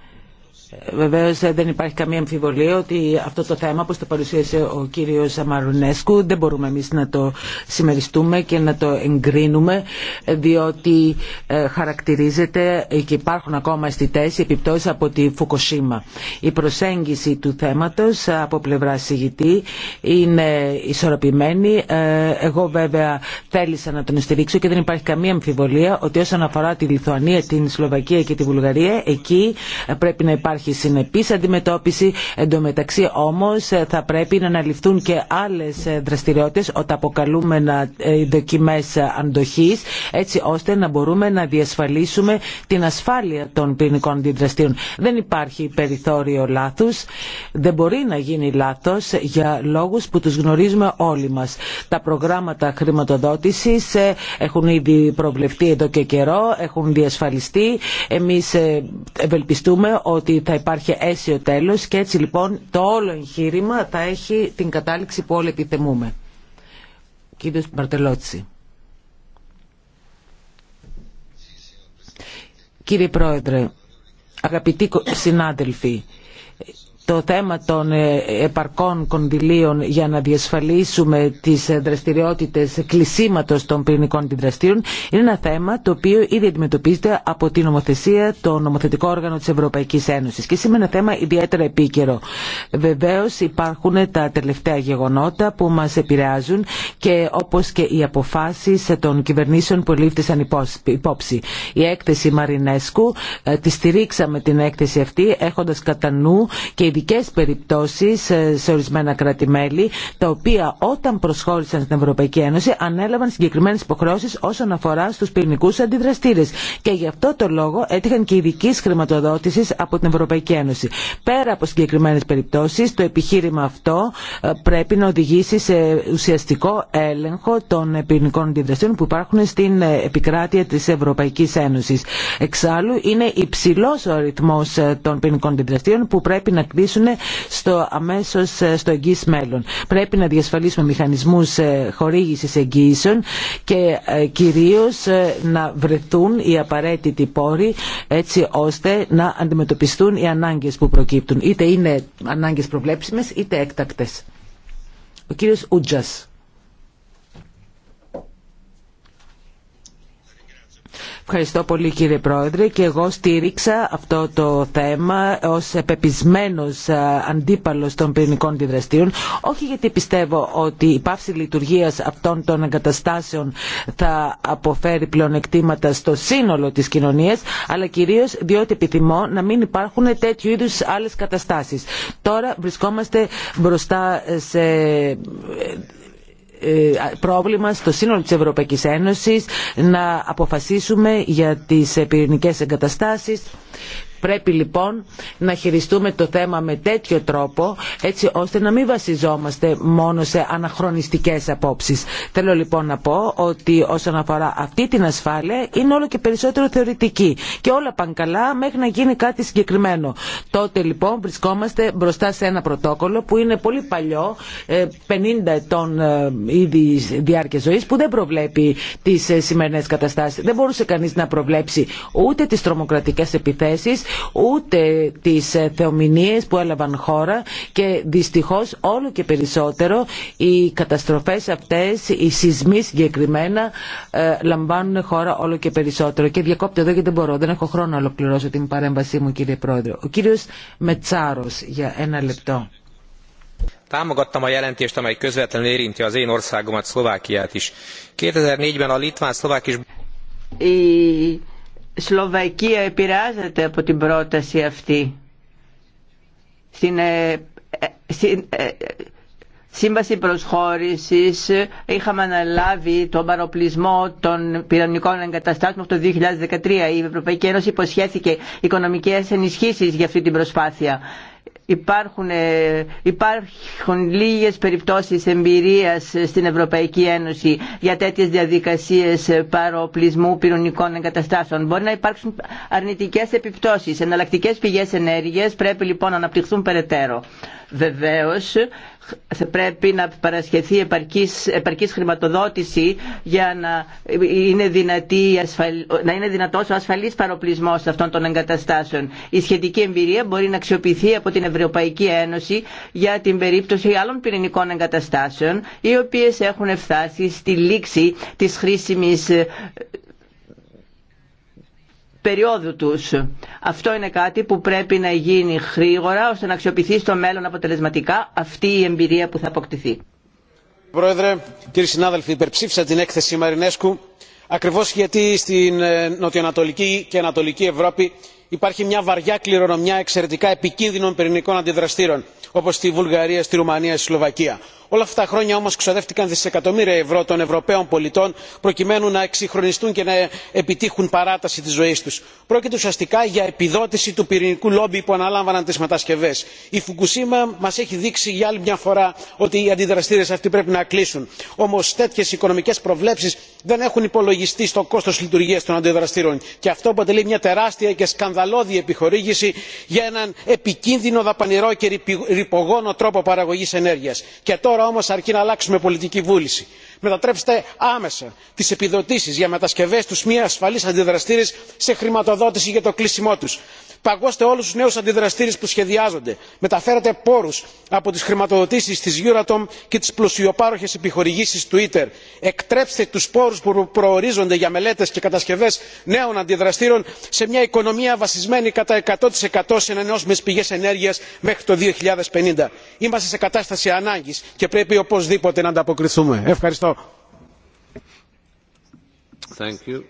Βεβαίω ε, δεν υπάρχει καμία αμφιβολία ότι αυτό το θέμα, που το παρουσίασε ο κύριο Αμαρουνέσκου, δεν μπορούμε εμεί να το συμμεριστούμε και να το εγκρίνουμε, διότι ε, χαρακτηρίζεται και υπάρχουν ακόμα αισθητέ επιπτώσει από τη Φουκοσίμα. Η προσέγγιση του θέματο από πλευρά συγητή είναι ισορροπημένη. Ε, εγώ βέβαια θέλησα να τον στηρίξω και δεν υπάρχει καμία αμφιβολία ότι όσον αφορά τη Λιθουανία, την Σλοβακία και τη Βουλγαρία, εκεί πρέπει να υπάρχει υπάρχει συνεπής αντιμετώπιση. μεταξύ όμως ε, θα πρέπει να αναλυφθούν και άλλες ε, δραστηριότητες όταν αποκαλούμε ε, δοκιμές αντοχής έτσι ώστε να μπορούμε να διασφαλίσουμε την ασφάλεια των πυρηνικών αντιδραστήρων. Δεν υπάρχει περιθώριο λάθους, δεν μπορεί να γίνει λάθος για λόγους που τους γνωρίζουμε όλοι μας. Τα προγράμματα χρηματοδότησης έχουν ήδη προβλεφτεί εδώ και καιρό, έχουν διασφαλιστεί. Εμείς ευελπιστούμε ότι θα θα υπάρχει αίσιο τέλος και έτσι λοιπόν το όλο εγχείρημα θα έχει την κατάληξη που όλοι επιθυμούμε. Κύριος Μπαρτελότσι. Κύριε Πρόεδρε, αγαπητοί συνάδελφοι, το θέμα των ε, επαρκών κονδυλίων για να διασφαλίσουμε τις ε, δραστηριότητες κλεισίματος των πυρηνικών αντιδραστήρων είναι ένα θέμα το οποίο ήδη αντιμετωπίζεται από την νομοθεσία, το νομοθετικό όργανο της Ευρωπαϊκής Ένωσης και σήμερα είναι ένα θέμα ιδιαίτερα επίκαιρο. Βεβαίως υπάρχουν τα τελευταία γεγονότα που μας επηρεάζουν και όπως και οι αποφάσεις των κυβερνήσεων που λήφθησαν υπόψη. Η έκθεση Μαρινέσκου ε, τη στηρίξαμε την έκθεση αυτή έχοντας κατά και ειδικέ περιπτώσεις ε, σε ορισμένα κράτη-μέλη, τα οποία όταν προσχώρησαν στην Ευρωπαϊκή Ένωση ανέλαβαν συγκεκριμένες υποχρεώσεις όσον αφορά στους πυρηνικούς αντιδραστήρες. Και γι' αυτό το λόγο έτυχαν και ειδική χρηματοδότηση από την Ευρωπαϊκή Ένωση. Πέρα από συγκεκριμένε περιπτώσεις, το επιχείρημα αυτό ε, πρέπει να οδηγήσει σε ουσιαστικό έλεγχο των πυρηνικών αντιδραστήρων που υπάρχουν στην ε, επικράτεια της Ευρωπαϊκής Ένωσης. Εξάλλου, είναι υψηλός ο των πυρηνικών αντιδραστήρων που πρέπει να προχωρήσουν στο αμέσως ε, στο εγγύ μέλλον. Πρέπει να διασφαλίσουμε μηχανισμούς ε, χορήγησης εγγύησεων και ε, κυρίως να βρεθούν οι απαραίτητοι πόροι έτσι ώστε να αντιμετωπιστούν οι ανάγκες που προκύπτουν. Είτε είναι ανάγκες προβλέψιμες είτε έκτακτες. Ο κύριος Ευχαριστώ πολύ κύριε Πρόεδρε και εγώ στήριξα αυτό το θέμα ως επεπισμένος ε, αντίπαλος των πυρηνικών αντιδραστήρων όχι γιατί πιστεύω ότι η πάυση λειτουργίας αυτών των εγκαταστάσεων θα αποφέρει πλεονεκτήματα στο σύνολο της κοινωνίας αλλά κυρίως διότι επιθυμώ να μην υπάρχουν τέτοιου είδους άλλες καταστάσεις. Τώρα βρισκόμαστε μπροστά σε ε, πρόβλημα στο σύνολο της Ευρωπαϊκής Ένωσης να αποφασίσουμε για τις ε, πυρηνικές εγκαταστάσεις Πρέπει λοιπόν να χειριστούμε το θέμα με τέτοιο τρόπο έτσι ώστε να μην βασιζόμαστε μόνο σε αναχρονιστικές απόψεις. Θέλω λοιπόν να πω ότι όσον αφορά αυτή την ασφάλεια είναι όλο και περισσότερο θεωρητική και όλα πάνε καλά μέχρι να γίνει κάτι συγκεκριμένο. Τότε λοιπόν βρισκόμαστε μπροστά σε ένα πρωτόκολλο που είναι πολύ παλιό, 50 ε, ετών ε, ήδη διάρκεια ζωής που δεν προβλέπει τις ε, σημερινές καταστάσεις. Δεν μπορούσε κανείς να προβλέψει ούτε τις τρομοκρατικές επιθέσεις ούτε τις ε, θεομηνίες που έλαβαν χώρα και δυστυχώς όλο και περισσότερο οι καταστροφές αυτές, οι σεισμοί συγκεκριμένα ε, λαμβάνουν χώρα όλο και περισσότερο. Και διακόπτω εδώ γιατί δεν μπορώ, δεν έχω χρόνο να ολοκληρώσω την παρέμβασή μου κύριε Πρόεδρο. Ο κύριος Μετσάρος για ένα λεπτό. Σλοβακία επηρεάζεται από την πρόταση αυτή. Στην, ε, ε, ε, σύμβαση προσχώρησης είχαμε αναλάβει τον παροπλισμό των πυρονικών εγκαταστάσεων από το 2013. Η Ευρωπαϊκή Ένωση υποσχέθηκε οικονομικές ενισχύσεις για αυτή την προσπάθεια υπάρχουν, ε, υπάρχουν λίγες περιπτώσεις εμπειρίας στην Ευρωπαϊκή Ένωση για τέτοιες διαδικασίες παροπλισμού πυρονικών εγκαταστάσεων. Μπορεί να υπάρξουν αρνητικές επιπτώσεις. Εναλλακτικές πηγές ενέργειας πρέπει λοιπόν να αναπτυχθούν περαιτέρω. Βεβαίως θα πρέπει να παρασχεθεί επαρκής, επαρκής χρηματοδότηση για να είναι, δυνατή, να είναι δυνατός ο ασφαλής παροπλισμός αυτών των εγκαταστάσεων. Η σχετική εμπειρία μπορεί να αξιοποιηθεί από την Ευρωπαϊκή Ένωση για την περίπτωση άλλων πυρηνικών εγκαταστάσεων οι οποίες έχουν φτάσει στη λήξη της χρήσιμης περίοδου τους. Αυτό είναι κάτι που πρέπει να γίνει γρήγορα ώστε να αξιοποιηθεί στο μέλλον αποτελεσματικά αυτή η εμπειρία που θα αποκτηθεί. Πρόεδρε, κύριοι συνάδελφοι, υπερψήφισα την έκθεση Μαρινέσκου ακριβώς γιατί στην ε, νοτιοανατολική και ανατολική Ευρώπη υπάρχει μια βαριά κληρονομιά εξαιρετικά επικίνδυνων πυρηνικών αντιδραστήρων όπω στη βουλγαρία στη ρουμανία στη σλοβακία. όλα αυτά τα χρόνια όμω ξοδεύτηκαν δισεκατομμύρια ευρώ των ευρωπαίων πολιτών προκειμένου να εξυγχρονιστούν και να επιτύχουν παράταση τη ζωή του. πρόκειται ουσιαστικά για επιδότηση του πυρηνικού λόμπι που αναλάμβαναν τι μετασκευέ. η φουκουσίμα μα έχει δείξει για άλλη μια φορά ότι οι αντιδραστήρε αυτοί πρέπει να κλείσουν. όμω τέτοιε οικονομικέ προβλέψει δεν έχουν υπολογιστεί στο κόστο λειτουργία των αντιδραστήρων και αυτό αποτελεί μια τεράστια και σκανδαλώδη σκανδαλώδη επιχορήγηση για έναν επικίνδυνο δαπανηρό και ρηπογόνο τρόπο παραγωγής ενέργειας. και τώρα όμως αρκεί να αλλάξουμε πολιτική βούληση. μετατρέψτε άμεσα τις επιδοτήσεις για μετασκευές τους μη ασφαλείς αντιδραστήρες σε χρηματοδότηση για το κλείσιμό τους παγώστε όλους τους νέους αντιδραστήρες που σχεδιάζονται μεταφέρετε πόρους από τις χρηματοδοτήσεις της euratom και τι πλουσιοπάροχε επιχορηγήσει twitter εκτρέψτε τους πόρους που προορίζονται για μελέτες και κατασκευές νέων αντιδραστήρων σε μια οικονομία βασισμένη κατά 100% σε ανανεώσιμες πηγές ενέργειας μέχρι το. 2050. είμαστε σε κατάσταση ανάγκης και πρέπει οπωσδήποτε να ανταποκριθούμε. ευχαριστώ. Thank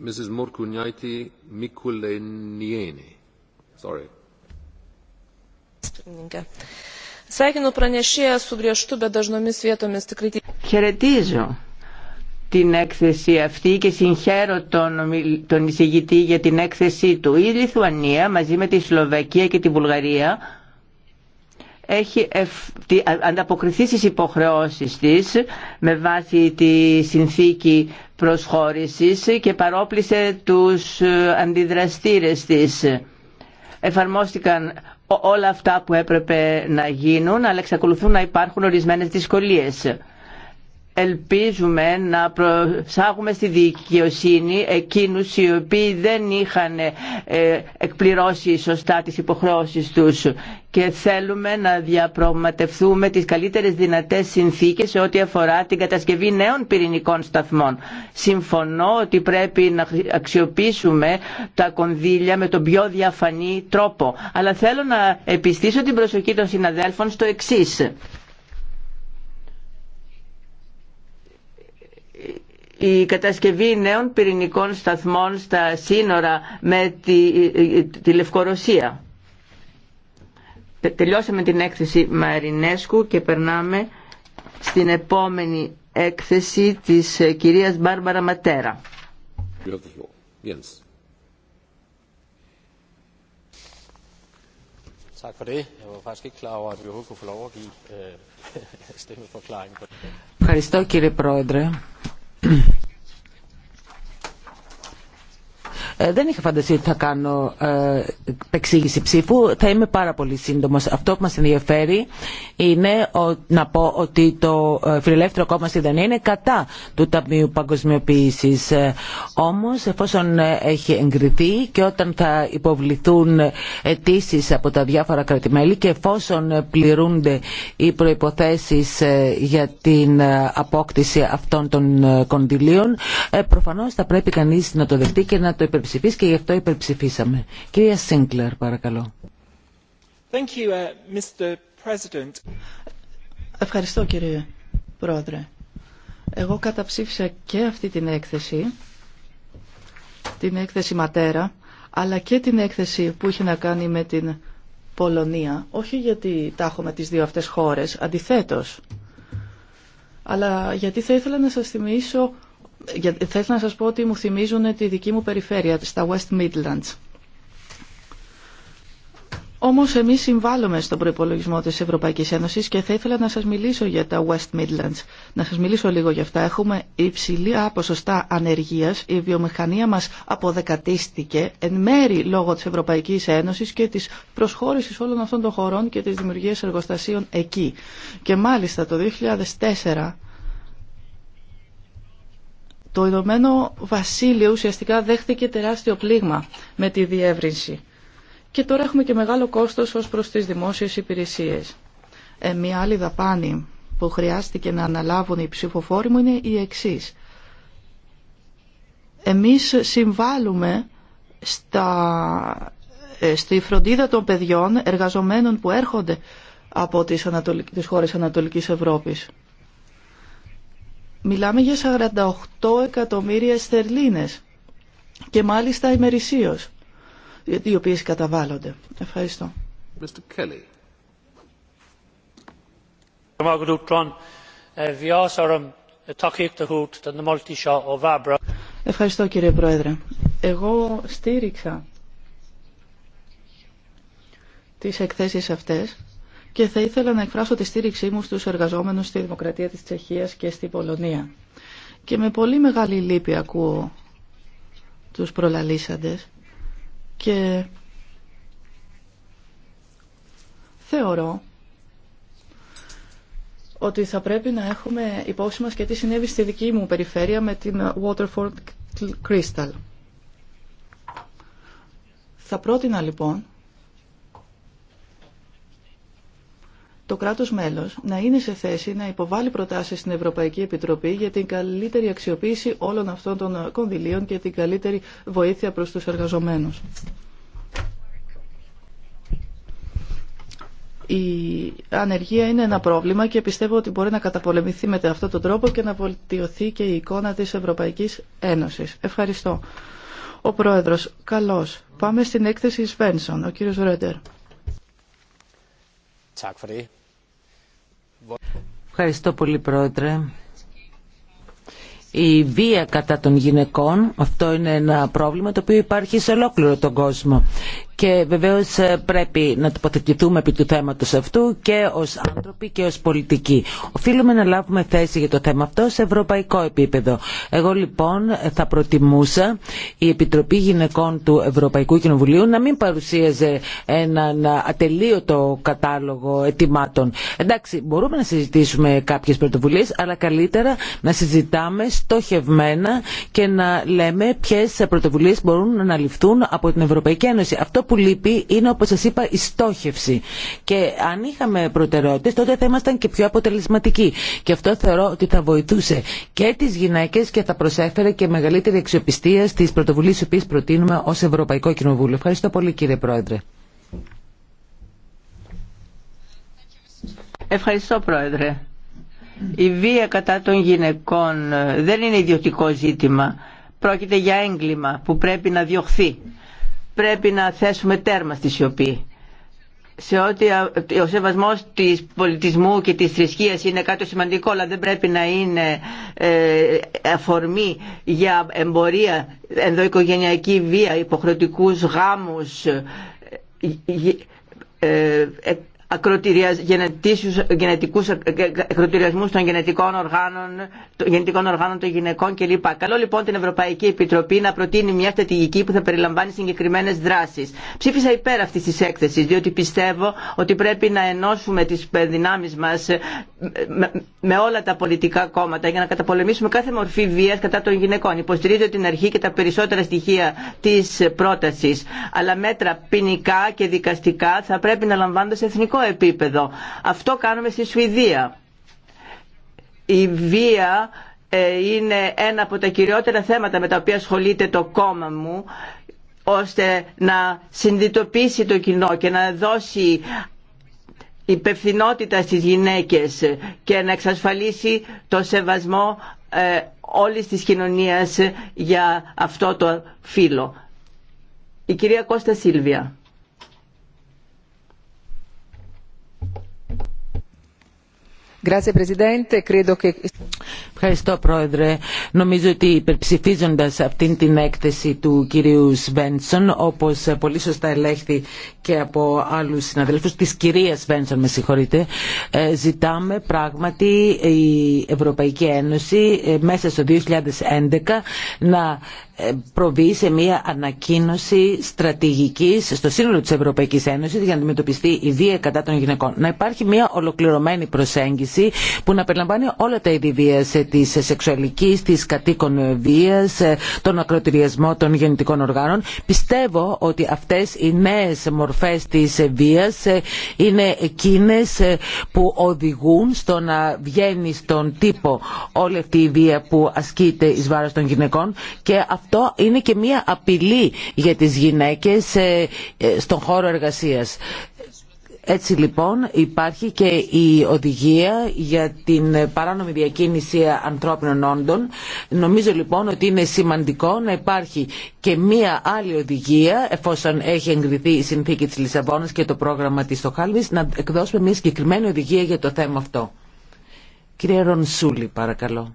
Sveikinu pranešėją Χαιρετίζω την έκθεση αυτή και συγχαίρω τον, τον εισηγητή για την έκθεση του. Η Λιθουανία μαζί με τη Σλοβακία και τη Βουλγαρία έχει ανταποκριθεί στις υποχρεώσεις της με βάση τη συνθήκη προσχώρησης και παρόπλησε τους ε, αντιδραστήρες της. Εφαρμόστηκαν όλα αυτά που έπρεπε να γίνουν, αλλά εξακολουθούν να υπάρχουν ορισμένες δυσκολίες ελπίζουμε να προσάγουμε στη δικαιοσύνη εκείνους οι οποίοι δεν είχαν ε, εκπληρώσει σωστά τις υποχρεώσεις τους και θέλουμε να διαπραγματευτούμε τις καλύτερες δυνατές συνθήκες σε ό,τι αφορά την κατασκευή νέων πυρηνικών σταθμών. Συμφωνώ ότι πρέπει να αξιοποιήσουμε τα κονδύλια με τον πιο διαφανή τρόπο, αλλά θέλω να επιστήσω την προσοχή των συναδέλφων στο εξής. η κατασκευή νέων πυρηνικών σταθμών στα σύνορα με τη, τη Λευκορωσία. Τελειώσαμε την έκθεση Μαρινέσκου και περνάμε στην επόμενη έκθεση της κυρίας Μπάρμπαρα Ματέρα. Ευχαριστώ κύριε Πρόεδρε. Υπότιτλοι AUTHORWAVE Ε, δεν είχα φανταστεί ότι θα κάνω ε, επεξήγηση ψήφου. Θα είμαι πάρα πολύ σύντομο. Αυτό που μα ενδιαφέρει είναι να πω ότι το ε, φιλελεύθερο κόμμα στη Δανία είναι κατά του Ταμείου Παγκοσμιοποίηση. Όμω, εφόσον έχει εγκριθεί και όταν θα υποβληθούν αιτήσει από τα διάφορα κρατημέλη και εφόσον πληρούνται οι προποθέσει για την απόκτηση αυτών των κονδυλίων, προφανώ θα πρέπει κανεί να το δεχτεί και να το υπερψηφίσει και γι' αυτό υπερψηφίσαμε. Κυρία Σίνκλερ, παρακαλώ. Thank you, uh, Mr. President. Ευχαριστώ κύριε Πρόεδρε. Εγώ καταψήφισα και αυτή την έκθεση, την έκθεση Ματέρα, αλλά και την έκθεση που είχε να κάνει με την Πολωνία, όχι γιατί τα έχουμε τις δύο αυτές χώρες, αντιθέτως, αλλά γιατί θα ήθελα να σας θυμίσω θέλω να σας πω ότι μου θυμίζουν τη δική μου περιφέρεια, στα West Midlands. Όμως εμείς συμβάλλουμε στον προϋπολογισμό της Ευρωπαϊκής Ένωσης και θα ήθελα να σας μιλήσω για τα West Midlands. Να σας μιλήσω λίγο για αυτά. Έχουμε υψηλή ποσοστά ανεργίας. Η βιομηχανία μας αποδεκατίστηκε εν μέρη λόγω της Ευρωπαϊκής Ένωσης και της προσχώρησης όλων αυτών των χωρών και της δημιουργίας εργοστασίων εκεί. Και μάλιστα το 2004 το Ηνωμένο Βασίλειο ουσιαστικά δέχτηκε τεράστιο πλήγμα με τη διεύρυνση. Και τώρα έχουμε και μεγάλο κόστος ως προς τις δημόσιες υπηρεσίες. Ε, μια άλλη δαπάνη που χρειάστηκε να αναλάβουν οι ψηφοφόροι μου είναι η εξή. Εμείς συμβάλλουμε στα, ε, στη φροντίδα των παιδιών εργαζομένων που έρχονται από τις, ανατολικ... τις χώρες Ανατολικής Ευρώπης. Μιλάμε για 48 εκατομμύρια στερλίνες και μάλιστα ημερησίως, οι οποίες καταβάλλονται. Ευχαριστώ. Mr. Kelly. Ευχαριστώ κύριε Πρόεδρε. Εγώ στήριξα τις εκθέσεις αυτές και θα ήθελα να εκφράσω τη στήριξή μου στους εργαζόμενους στη Δημοκρατία της Τσεχίας και στη Πολωνία. Και με πολύ μεγάλη λύπη ακούω τους προλαλήσαντες και θεωρώ ότι θα πρέπει να έχουμε υπόψη μας και τι συνέβη στη δική μου περιφέρεια με την Waterford Crystal. Θα πρότεινα λοιπόν το κράτος μέλος να είναι σε θέση να υποβάλει προτάσει στην Ευρωπαϊκή Επιτροπή για την καλύτερη αξιοποίηση όλων αυτών των κονδυλίων και την καλύτερη βοήθεια προς τους εργαζομένους. η ανεργία είναι ένα πρόβλημα και πιστεύω ότι μπορεί να καταπολεμηθεί με αυτόν τον τρόπο και να βελτιωθεί και η εικόνα της Ευρωπαϊκής Ένωσης. Ευχαριστώ. Ο Πρόεδρος, καλώς. Πάμε στην έκθεση Σβένσον, ο κύριος Ρέντερ. Ευχαριστώ πολύ Πρόεδρε. Η βία κατά των γυναικών, αυτό είναι ένα πρόβλημα το οποίο υπάρχει σε ολόκληρο τον κόσμο και βεβαίως ε, πρέπει να τοποθετηθούμε επί του θέματος αυτού και ως άνθρωποι και ως πολιτικοί. Οφείλουμε να λάβουμε θέση για το θέμα αυτό σε ευρωπαϊκό επίπεδο. Εγώ λοιπόν θα προτιμούσα η Επιτροπή Γυναικών του Ευρωπαϊκού Κοινοβουλίου να μην παρουσίαζε έναν ατελείωτο κατάλογο ετοιμάτων. Εντάξει, μπορούμε να συζητήσουμε κάποιες πρωτοβουλίε, αλλά καλύτερα να συζητάμε στοχευμένα και να λέμε ποιες πρωτοβουλίε μπορούν να αναλυφθούν από την Ευρωπαϊκή Ένωση. Αυτό που λείπει είναι, όπως σας είπα, η στόχευση. Και αν είχαμε προτεραιότητες, τότε θα ήμασταν και πιο αποτελεσματικοί. Και αυτό θεωρώ ότι θα βοηθούσε και τις γυναίκες και θα προσέφερε και μεγαλύτερη αξιοπιστία στις πρωτοβουλίες που προτείνουμε ως Ευρωπαϊκό Κοινοβούλιο. Ευχαριστώ πολύ κύριε Πρόεδρε. Ευχαριστώ Πρόεδρε. Η βία κατά των γυναικών ε, δεν είναι ιδιωτικό ζήτημα. Πρόκειται για έγκλημα που πρέπει να διωχθεί πρέπει να θέσουμε τέρμα στη σιωπή. Σε ό,τι ο σεβασμός της πολιτισμού και της θρησκείας είναι κάτι σημαντικό, αλλά δεν πρέπει να είναι ε, αφορμή για εμπορία, ενδοοικογενειακή βία, υποχρεωτικούς γάμους, ε, ε, γενετικούς ε, ε, ακροτηριασμούς των γενετικών οργάνων, των γενετικών οργάνων των γυναικών κλπ. Καλό λοιπόν την Ευρωπαϊκή Επιτροπή να προτείνει μια στρατηγική που θα περιλαμβάνει συγκεκριμένες δράσεις. Ψήφισα υπέρ αυτής της έκθεσης διότι πιστεύω ότι πρέπει να ενώσουμε τις δυνάμεις μας ε, με όλα τα πολιτικά κόμματα για να καταπολεμήσουμε κάθε μορφή βίας κατά των γυναικών. Υποστηρίζω την αρχή και τα περισσότερα στοιχεία της πρότασης. Αλλά μέτρα ποινικά και δικαστικά θα πρέπει να λαμβάνονται σε εθνικό επίπεδο. Αυτό κάνουμε στη Σουηδία. Η βία ε, είναι ένα από τα κυριότερα θέματα με τα οποία ασχολείται το κόμμα μου ώστε να συνδυτοποιήσει το κοινό και να δώσει υπευθυνότητα στις γυναίκες και να εξασφαλίσει το σεβασμό ε, όλης της κοινωνίας για αυτό το φύλλο. Η κυρία Κώστα Σίλβια. Ευχαριστώ Πρόεδρε. Νομίζω ότι υπερψηφίζοντας αυτήν την έκθεση του κυρίου Σβένσον, όπως πολύ σωστά ελέγχθη και από άλλους συναδέλφους, της κυρίας Σβέντσον, με συγχωρείτε, ε, ζητάμε πράγματι η Ευρωπαϊκή Ένωση ε, μέσα στο 2011 να ε, προβεί σε μια ανακοίνωση στρατηγικής στο σύνολο της Ευρωπαϊκής Ένωσης για να αντιμετωπιστεί η βία κατά των γυναικών. Να υπάρχει μια ολοκληρωμένη προσέγγιση που να περιλαμβάνει όλα τα είδη βίας ε, της σεξουαλικής, της κατοίκων βίας, ε, τον ακροτηριασμό των γεννητικών οργάνων. Πιστεύω ότι αυτές οι νέες μορφές της βίας είναι εκείνες που οδηγούν στο να βγαίνει στον τύπο όλη αυτή η βία που ασκείται εις βάρος των γυναικών και αυτό αυτό είναι και μία απειλή για τις γυναίκες ε, ε, στον χώρο εργασίας. Έτσι λοιπόν υπάρχει και η οδηγία για την παράνομη διακίνηση ανθρώπινων όντων. Νομίζω λοιπόν ότι είναι σημαντικό να υπάρχει και μία άλλη οδηγία εφόσον έχει εγκριθεί η συνθήκη της Λισαβόνας και το πρόγραμμα της Στοχάλμης να εκδώσουμε μία συγκεκριμένη οδηγία για το θέμα αυτό. Κύριε Ρονσούλη παρακαλώ.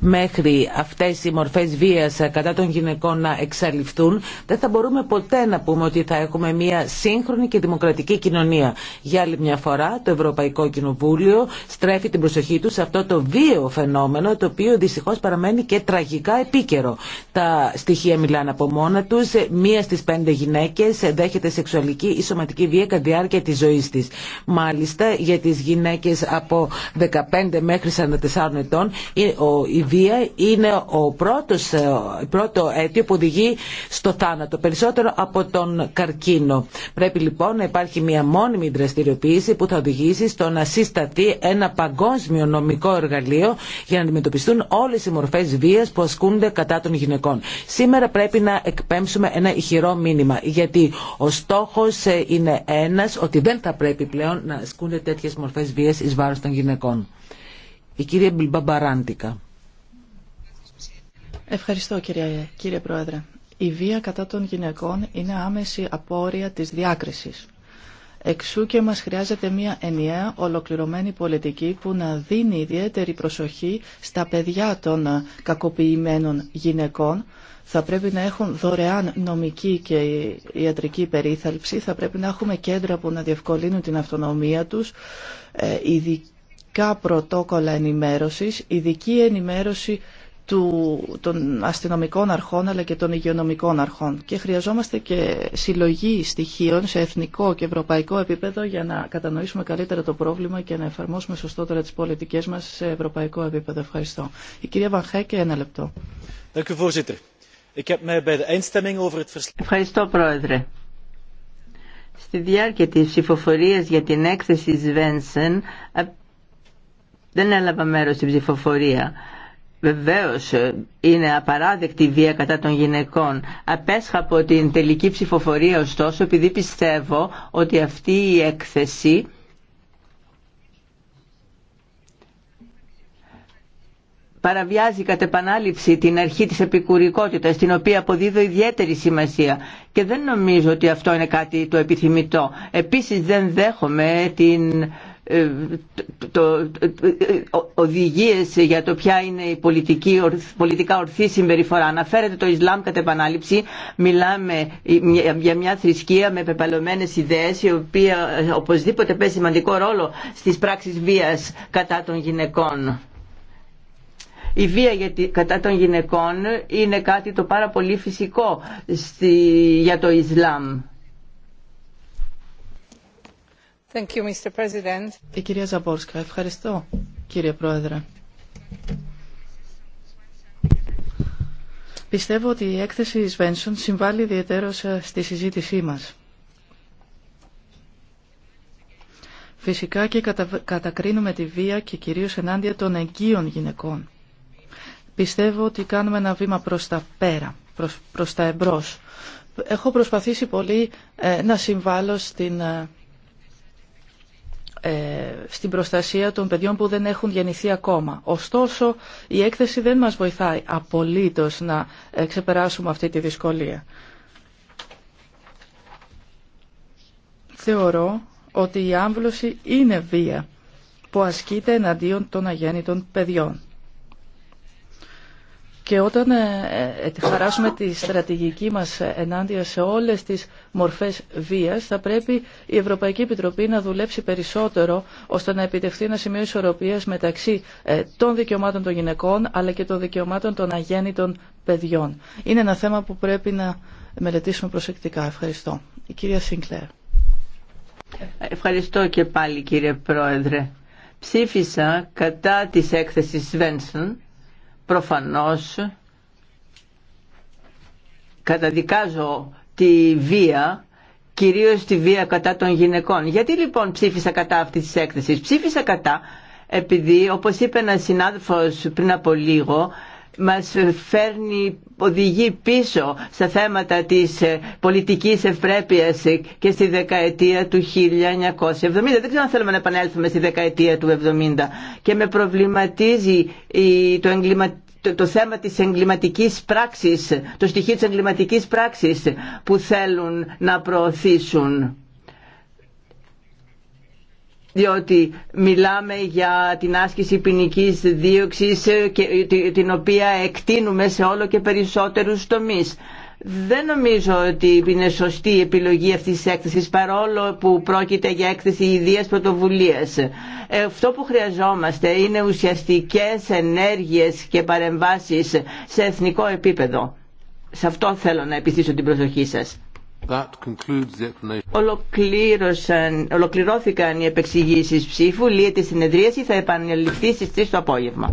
μέχρι αυτές οι μορφές βίας κατά των γυναικών να εξαλειφθούν, δεν θα μπορούμε ποτέ να πούμε ότι θα έχουμε μια σύγχρονη και δημοκρατική κοινωνία. Για άλλη μια φορά το Ευρωπαϊκό Κοινοβούλιο στρέφει την προσοχή του σε αυτό το βίαιο φαινόμενο, το οποίο δυστυχώς παραμένει και τραγικά επίκαιρο. Τα στοιχεία μιλάνε από μόνα τους, μία στις πέντε γυναίκες δέχεται σεξουαλική ή σωματική βία κατά διάρκεια της ζωής της. Μάλιστα για τις γυναίκες από 15 μέχρι 44 ετών η βία είναι ο πρώτος, ε, πρώτο αίτιο που οδηγεί στο θάνατο, περισσότερο από τον καρκίνο. Πρέπει λοιπόν να υπάρχει μια μόνιμη δραστηριοποίηση που θα οδηγήσει στο να συσταθεί ένα παγκόσμιο νομικό εργαλείο για να αντιμετωπιστούν όλες οι μορφές βίας που ασκούνται κατά των γυναικών. Σήμερα πρέπει να εκπέμψουμε ένα ηχηρό μήνυμα, γιατί ο στόχος ε, είναι ένας, ότι δεν θα πρέπει πλέον να ασκούνται τέτοιες μορφές βίας εις βάρος των γυναικών. Η κυρία Μπιλμπαμπαράντικα. Ευχαριστώ κύριε, κύριε Πρόεδρε. Η βία κατά των γυναικών είναι άμεση απόρρια της διάκρισης. Εξού και μας χρειάζεται μια ενιαία ολοκληρωμένη πολιτική που να δίνει ιδιαίτερη προσοχή στα παιδιά των κακοποιημένων γυναικών. Θα πρέπει να έχουν δωρεάν νομική και ιατρική περίθαλψη, θα πρέπει να έχουμε κέντρα που να διευκολύνουν την αυτονομία τους, ε, ειδικά πρωτόκολλα ενημέρωσης, ειδική ενημέρωση του, των αστυνομικών αρχών αλλά και των υγειονομικών αρχών. Και χρειαζόμαστε και συλλογή στοιχείων σε εθνικό και ευρωπαϊκό επίπεδο για να κατανοήσουμε καλύτερα το πρόβλημα και να εφαρμόσουμε σωστότερα τις πολιτικές μας σε ευρωπαϊκό επίπεδο. Ευχαριστώ. Η κυρία Βανχέκε, ένα λεπτό. Ευχαριστώ, Πρόεδρε. Στη διάρκεια της ψηφοφορίας για την έκθεση Σβένσεν δεν έλαβα μέρος στην ψηφοφορία Βεβαίω ε, είναι απαράδεκτη βία κατά των γυναικών. Απέσχα από την τελική ψηφοφορία ωστόσο επειδή πιστεύω ότι αυτή η έκθεση παραβιάζει κατ' επανάληψη την αρχή της επικουρικότητας την οποία αποδίδω ιδιαίτερη σημασία και δεν νομίζω ότι αυτό είναι κάτι το επιθυμητό. Επίσης δεν δέχομαι την ε, το, οδηγίες για το ποια είναι η πολιτική, πολιτικά ορθή συμπεριφορά. Αναφέρεται το Ισλάμ κατά επανάληψη. Μιλάμε για μια θρησκεία με πεπαλωμένες ιδέες η οποία οπωσδήποτε παίζει σημαντικό ρόλο στις πράξεις βίας κατά των γυναικών. Η βία κατά των γυναικών είναι κάτι το πάρα πολύ φυσικό για το Ισλάμ η κυρία Ζαμπόρσκα, ευχαριστώ κύριε Πρόεδρε. Πιστεύω ότι η έκθεση Σβένσον συμβάλλει ιδιαίτερως ε, στη συζήτησή μας. Φυσικά και κατακρίνουμε τη βία και κυρίως ενάντια των εγκύων γυναικών. Πιστεύω ότι κάνουμε ένα βήμα προς τα πέρα, προς, τα εμπρός. Έχω προσπαθήσει πολύ ε, να συμβάλλω στην ε, ε, στην προστασία των παιδιών που δεν έχουν γεννηθεί ακόμα. Ωστόσο, η έκθεση δεν μας βοηθάει απολύτως να ε, ξεπεράσουμε αυτή τη δυσκολία. Θεωρώ ότι η άμβλωση είναι βία που ασκείται εναντίον των αγέννητων παιδιών. Και όταν ε, ε, ε, χαράσουμε τη στρατηγική μας ενάντια σε όλες τις μορφές βίας, θα πρέπει η Ευρωπαϊκή Επιτροπή να δουλέψει περισσότερο ώστε να επιτευχθεί ένα σημείο ισορροπίας μεταξύ των δικαιωμάτων των γυναικών αλλά και των δικαιωμάτων των αγέννητων παιδιών. Είναι ένα θέμα που πρέπει να μελετήσουμε προσεκτικά. Ευχαριστώ. Η κυρία Σίνκλερ. Ευχαριστώ και πάλι κύριε Πρόεδρε. Ψήφισα κατά της έκθεσης Svensson προφανώς καταδικάζω τη βία κυρίως τη βία κατά των γυναικών. Γιατί λοιπόν ψήφισα κατά αυτής της έκθεσης. Ψήφισα κατά επειδή όπως είπε ένα συνάδελφος πριν από λίγο μας φέρνει, οδηγεί πίσω στα θέματα της πολιτικής ευπρέπειας και στη δεκαετία του 1970. Δεν ξέρω αν θέλουμε να επανέλθουμε στη δεκαετία του 1970. Και με προβληματίζει το το, το, θέμα της εγκληματικής πράξης, το στοιχείο της εγκληματικής πράξης που θέλουν να προωθήσουν διότι μιλάμε για την άσκηση ποινική δίωξης και την οποία εκτείνουμε σε όλο και περισσότερους τομείς. Δεν νομίζω ότι είναι σωστή η επιλογή αυτής της έκθεσης παρόλο που πρόκειται για έκθεση ιδίας πρωτοβουλία. Αυτό που χρειαζόμαστε είναι ουσιαστικές ενέργειες και παρεμβάσεις σε εθνικό επίπεδο. Σε αυτό θέλω να επιστήσω την προσοχή σας ολοκληρώθηκαν οι επεξηγήσεις ψήφου, λύεται η συνεδρίαση, θα επανεληφθεί στις 3 το απόγευμα.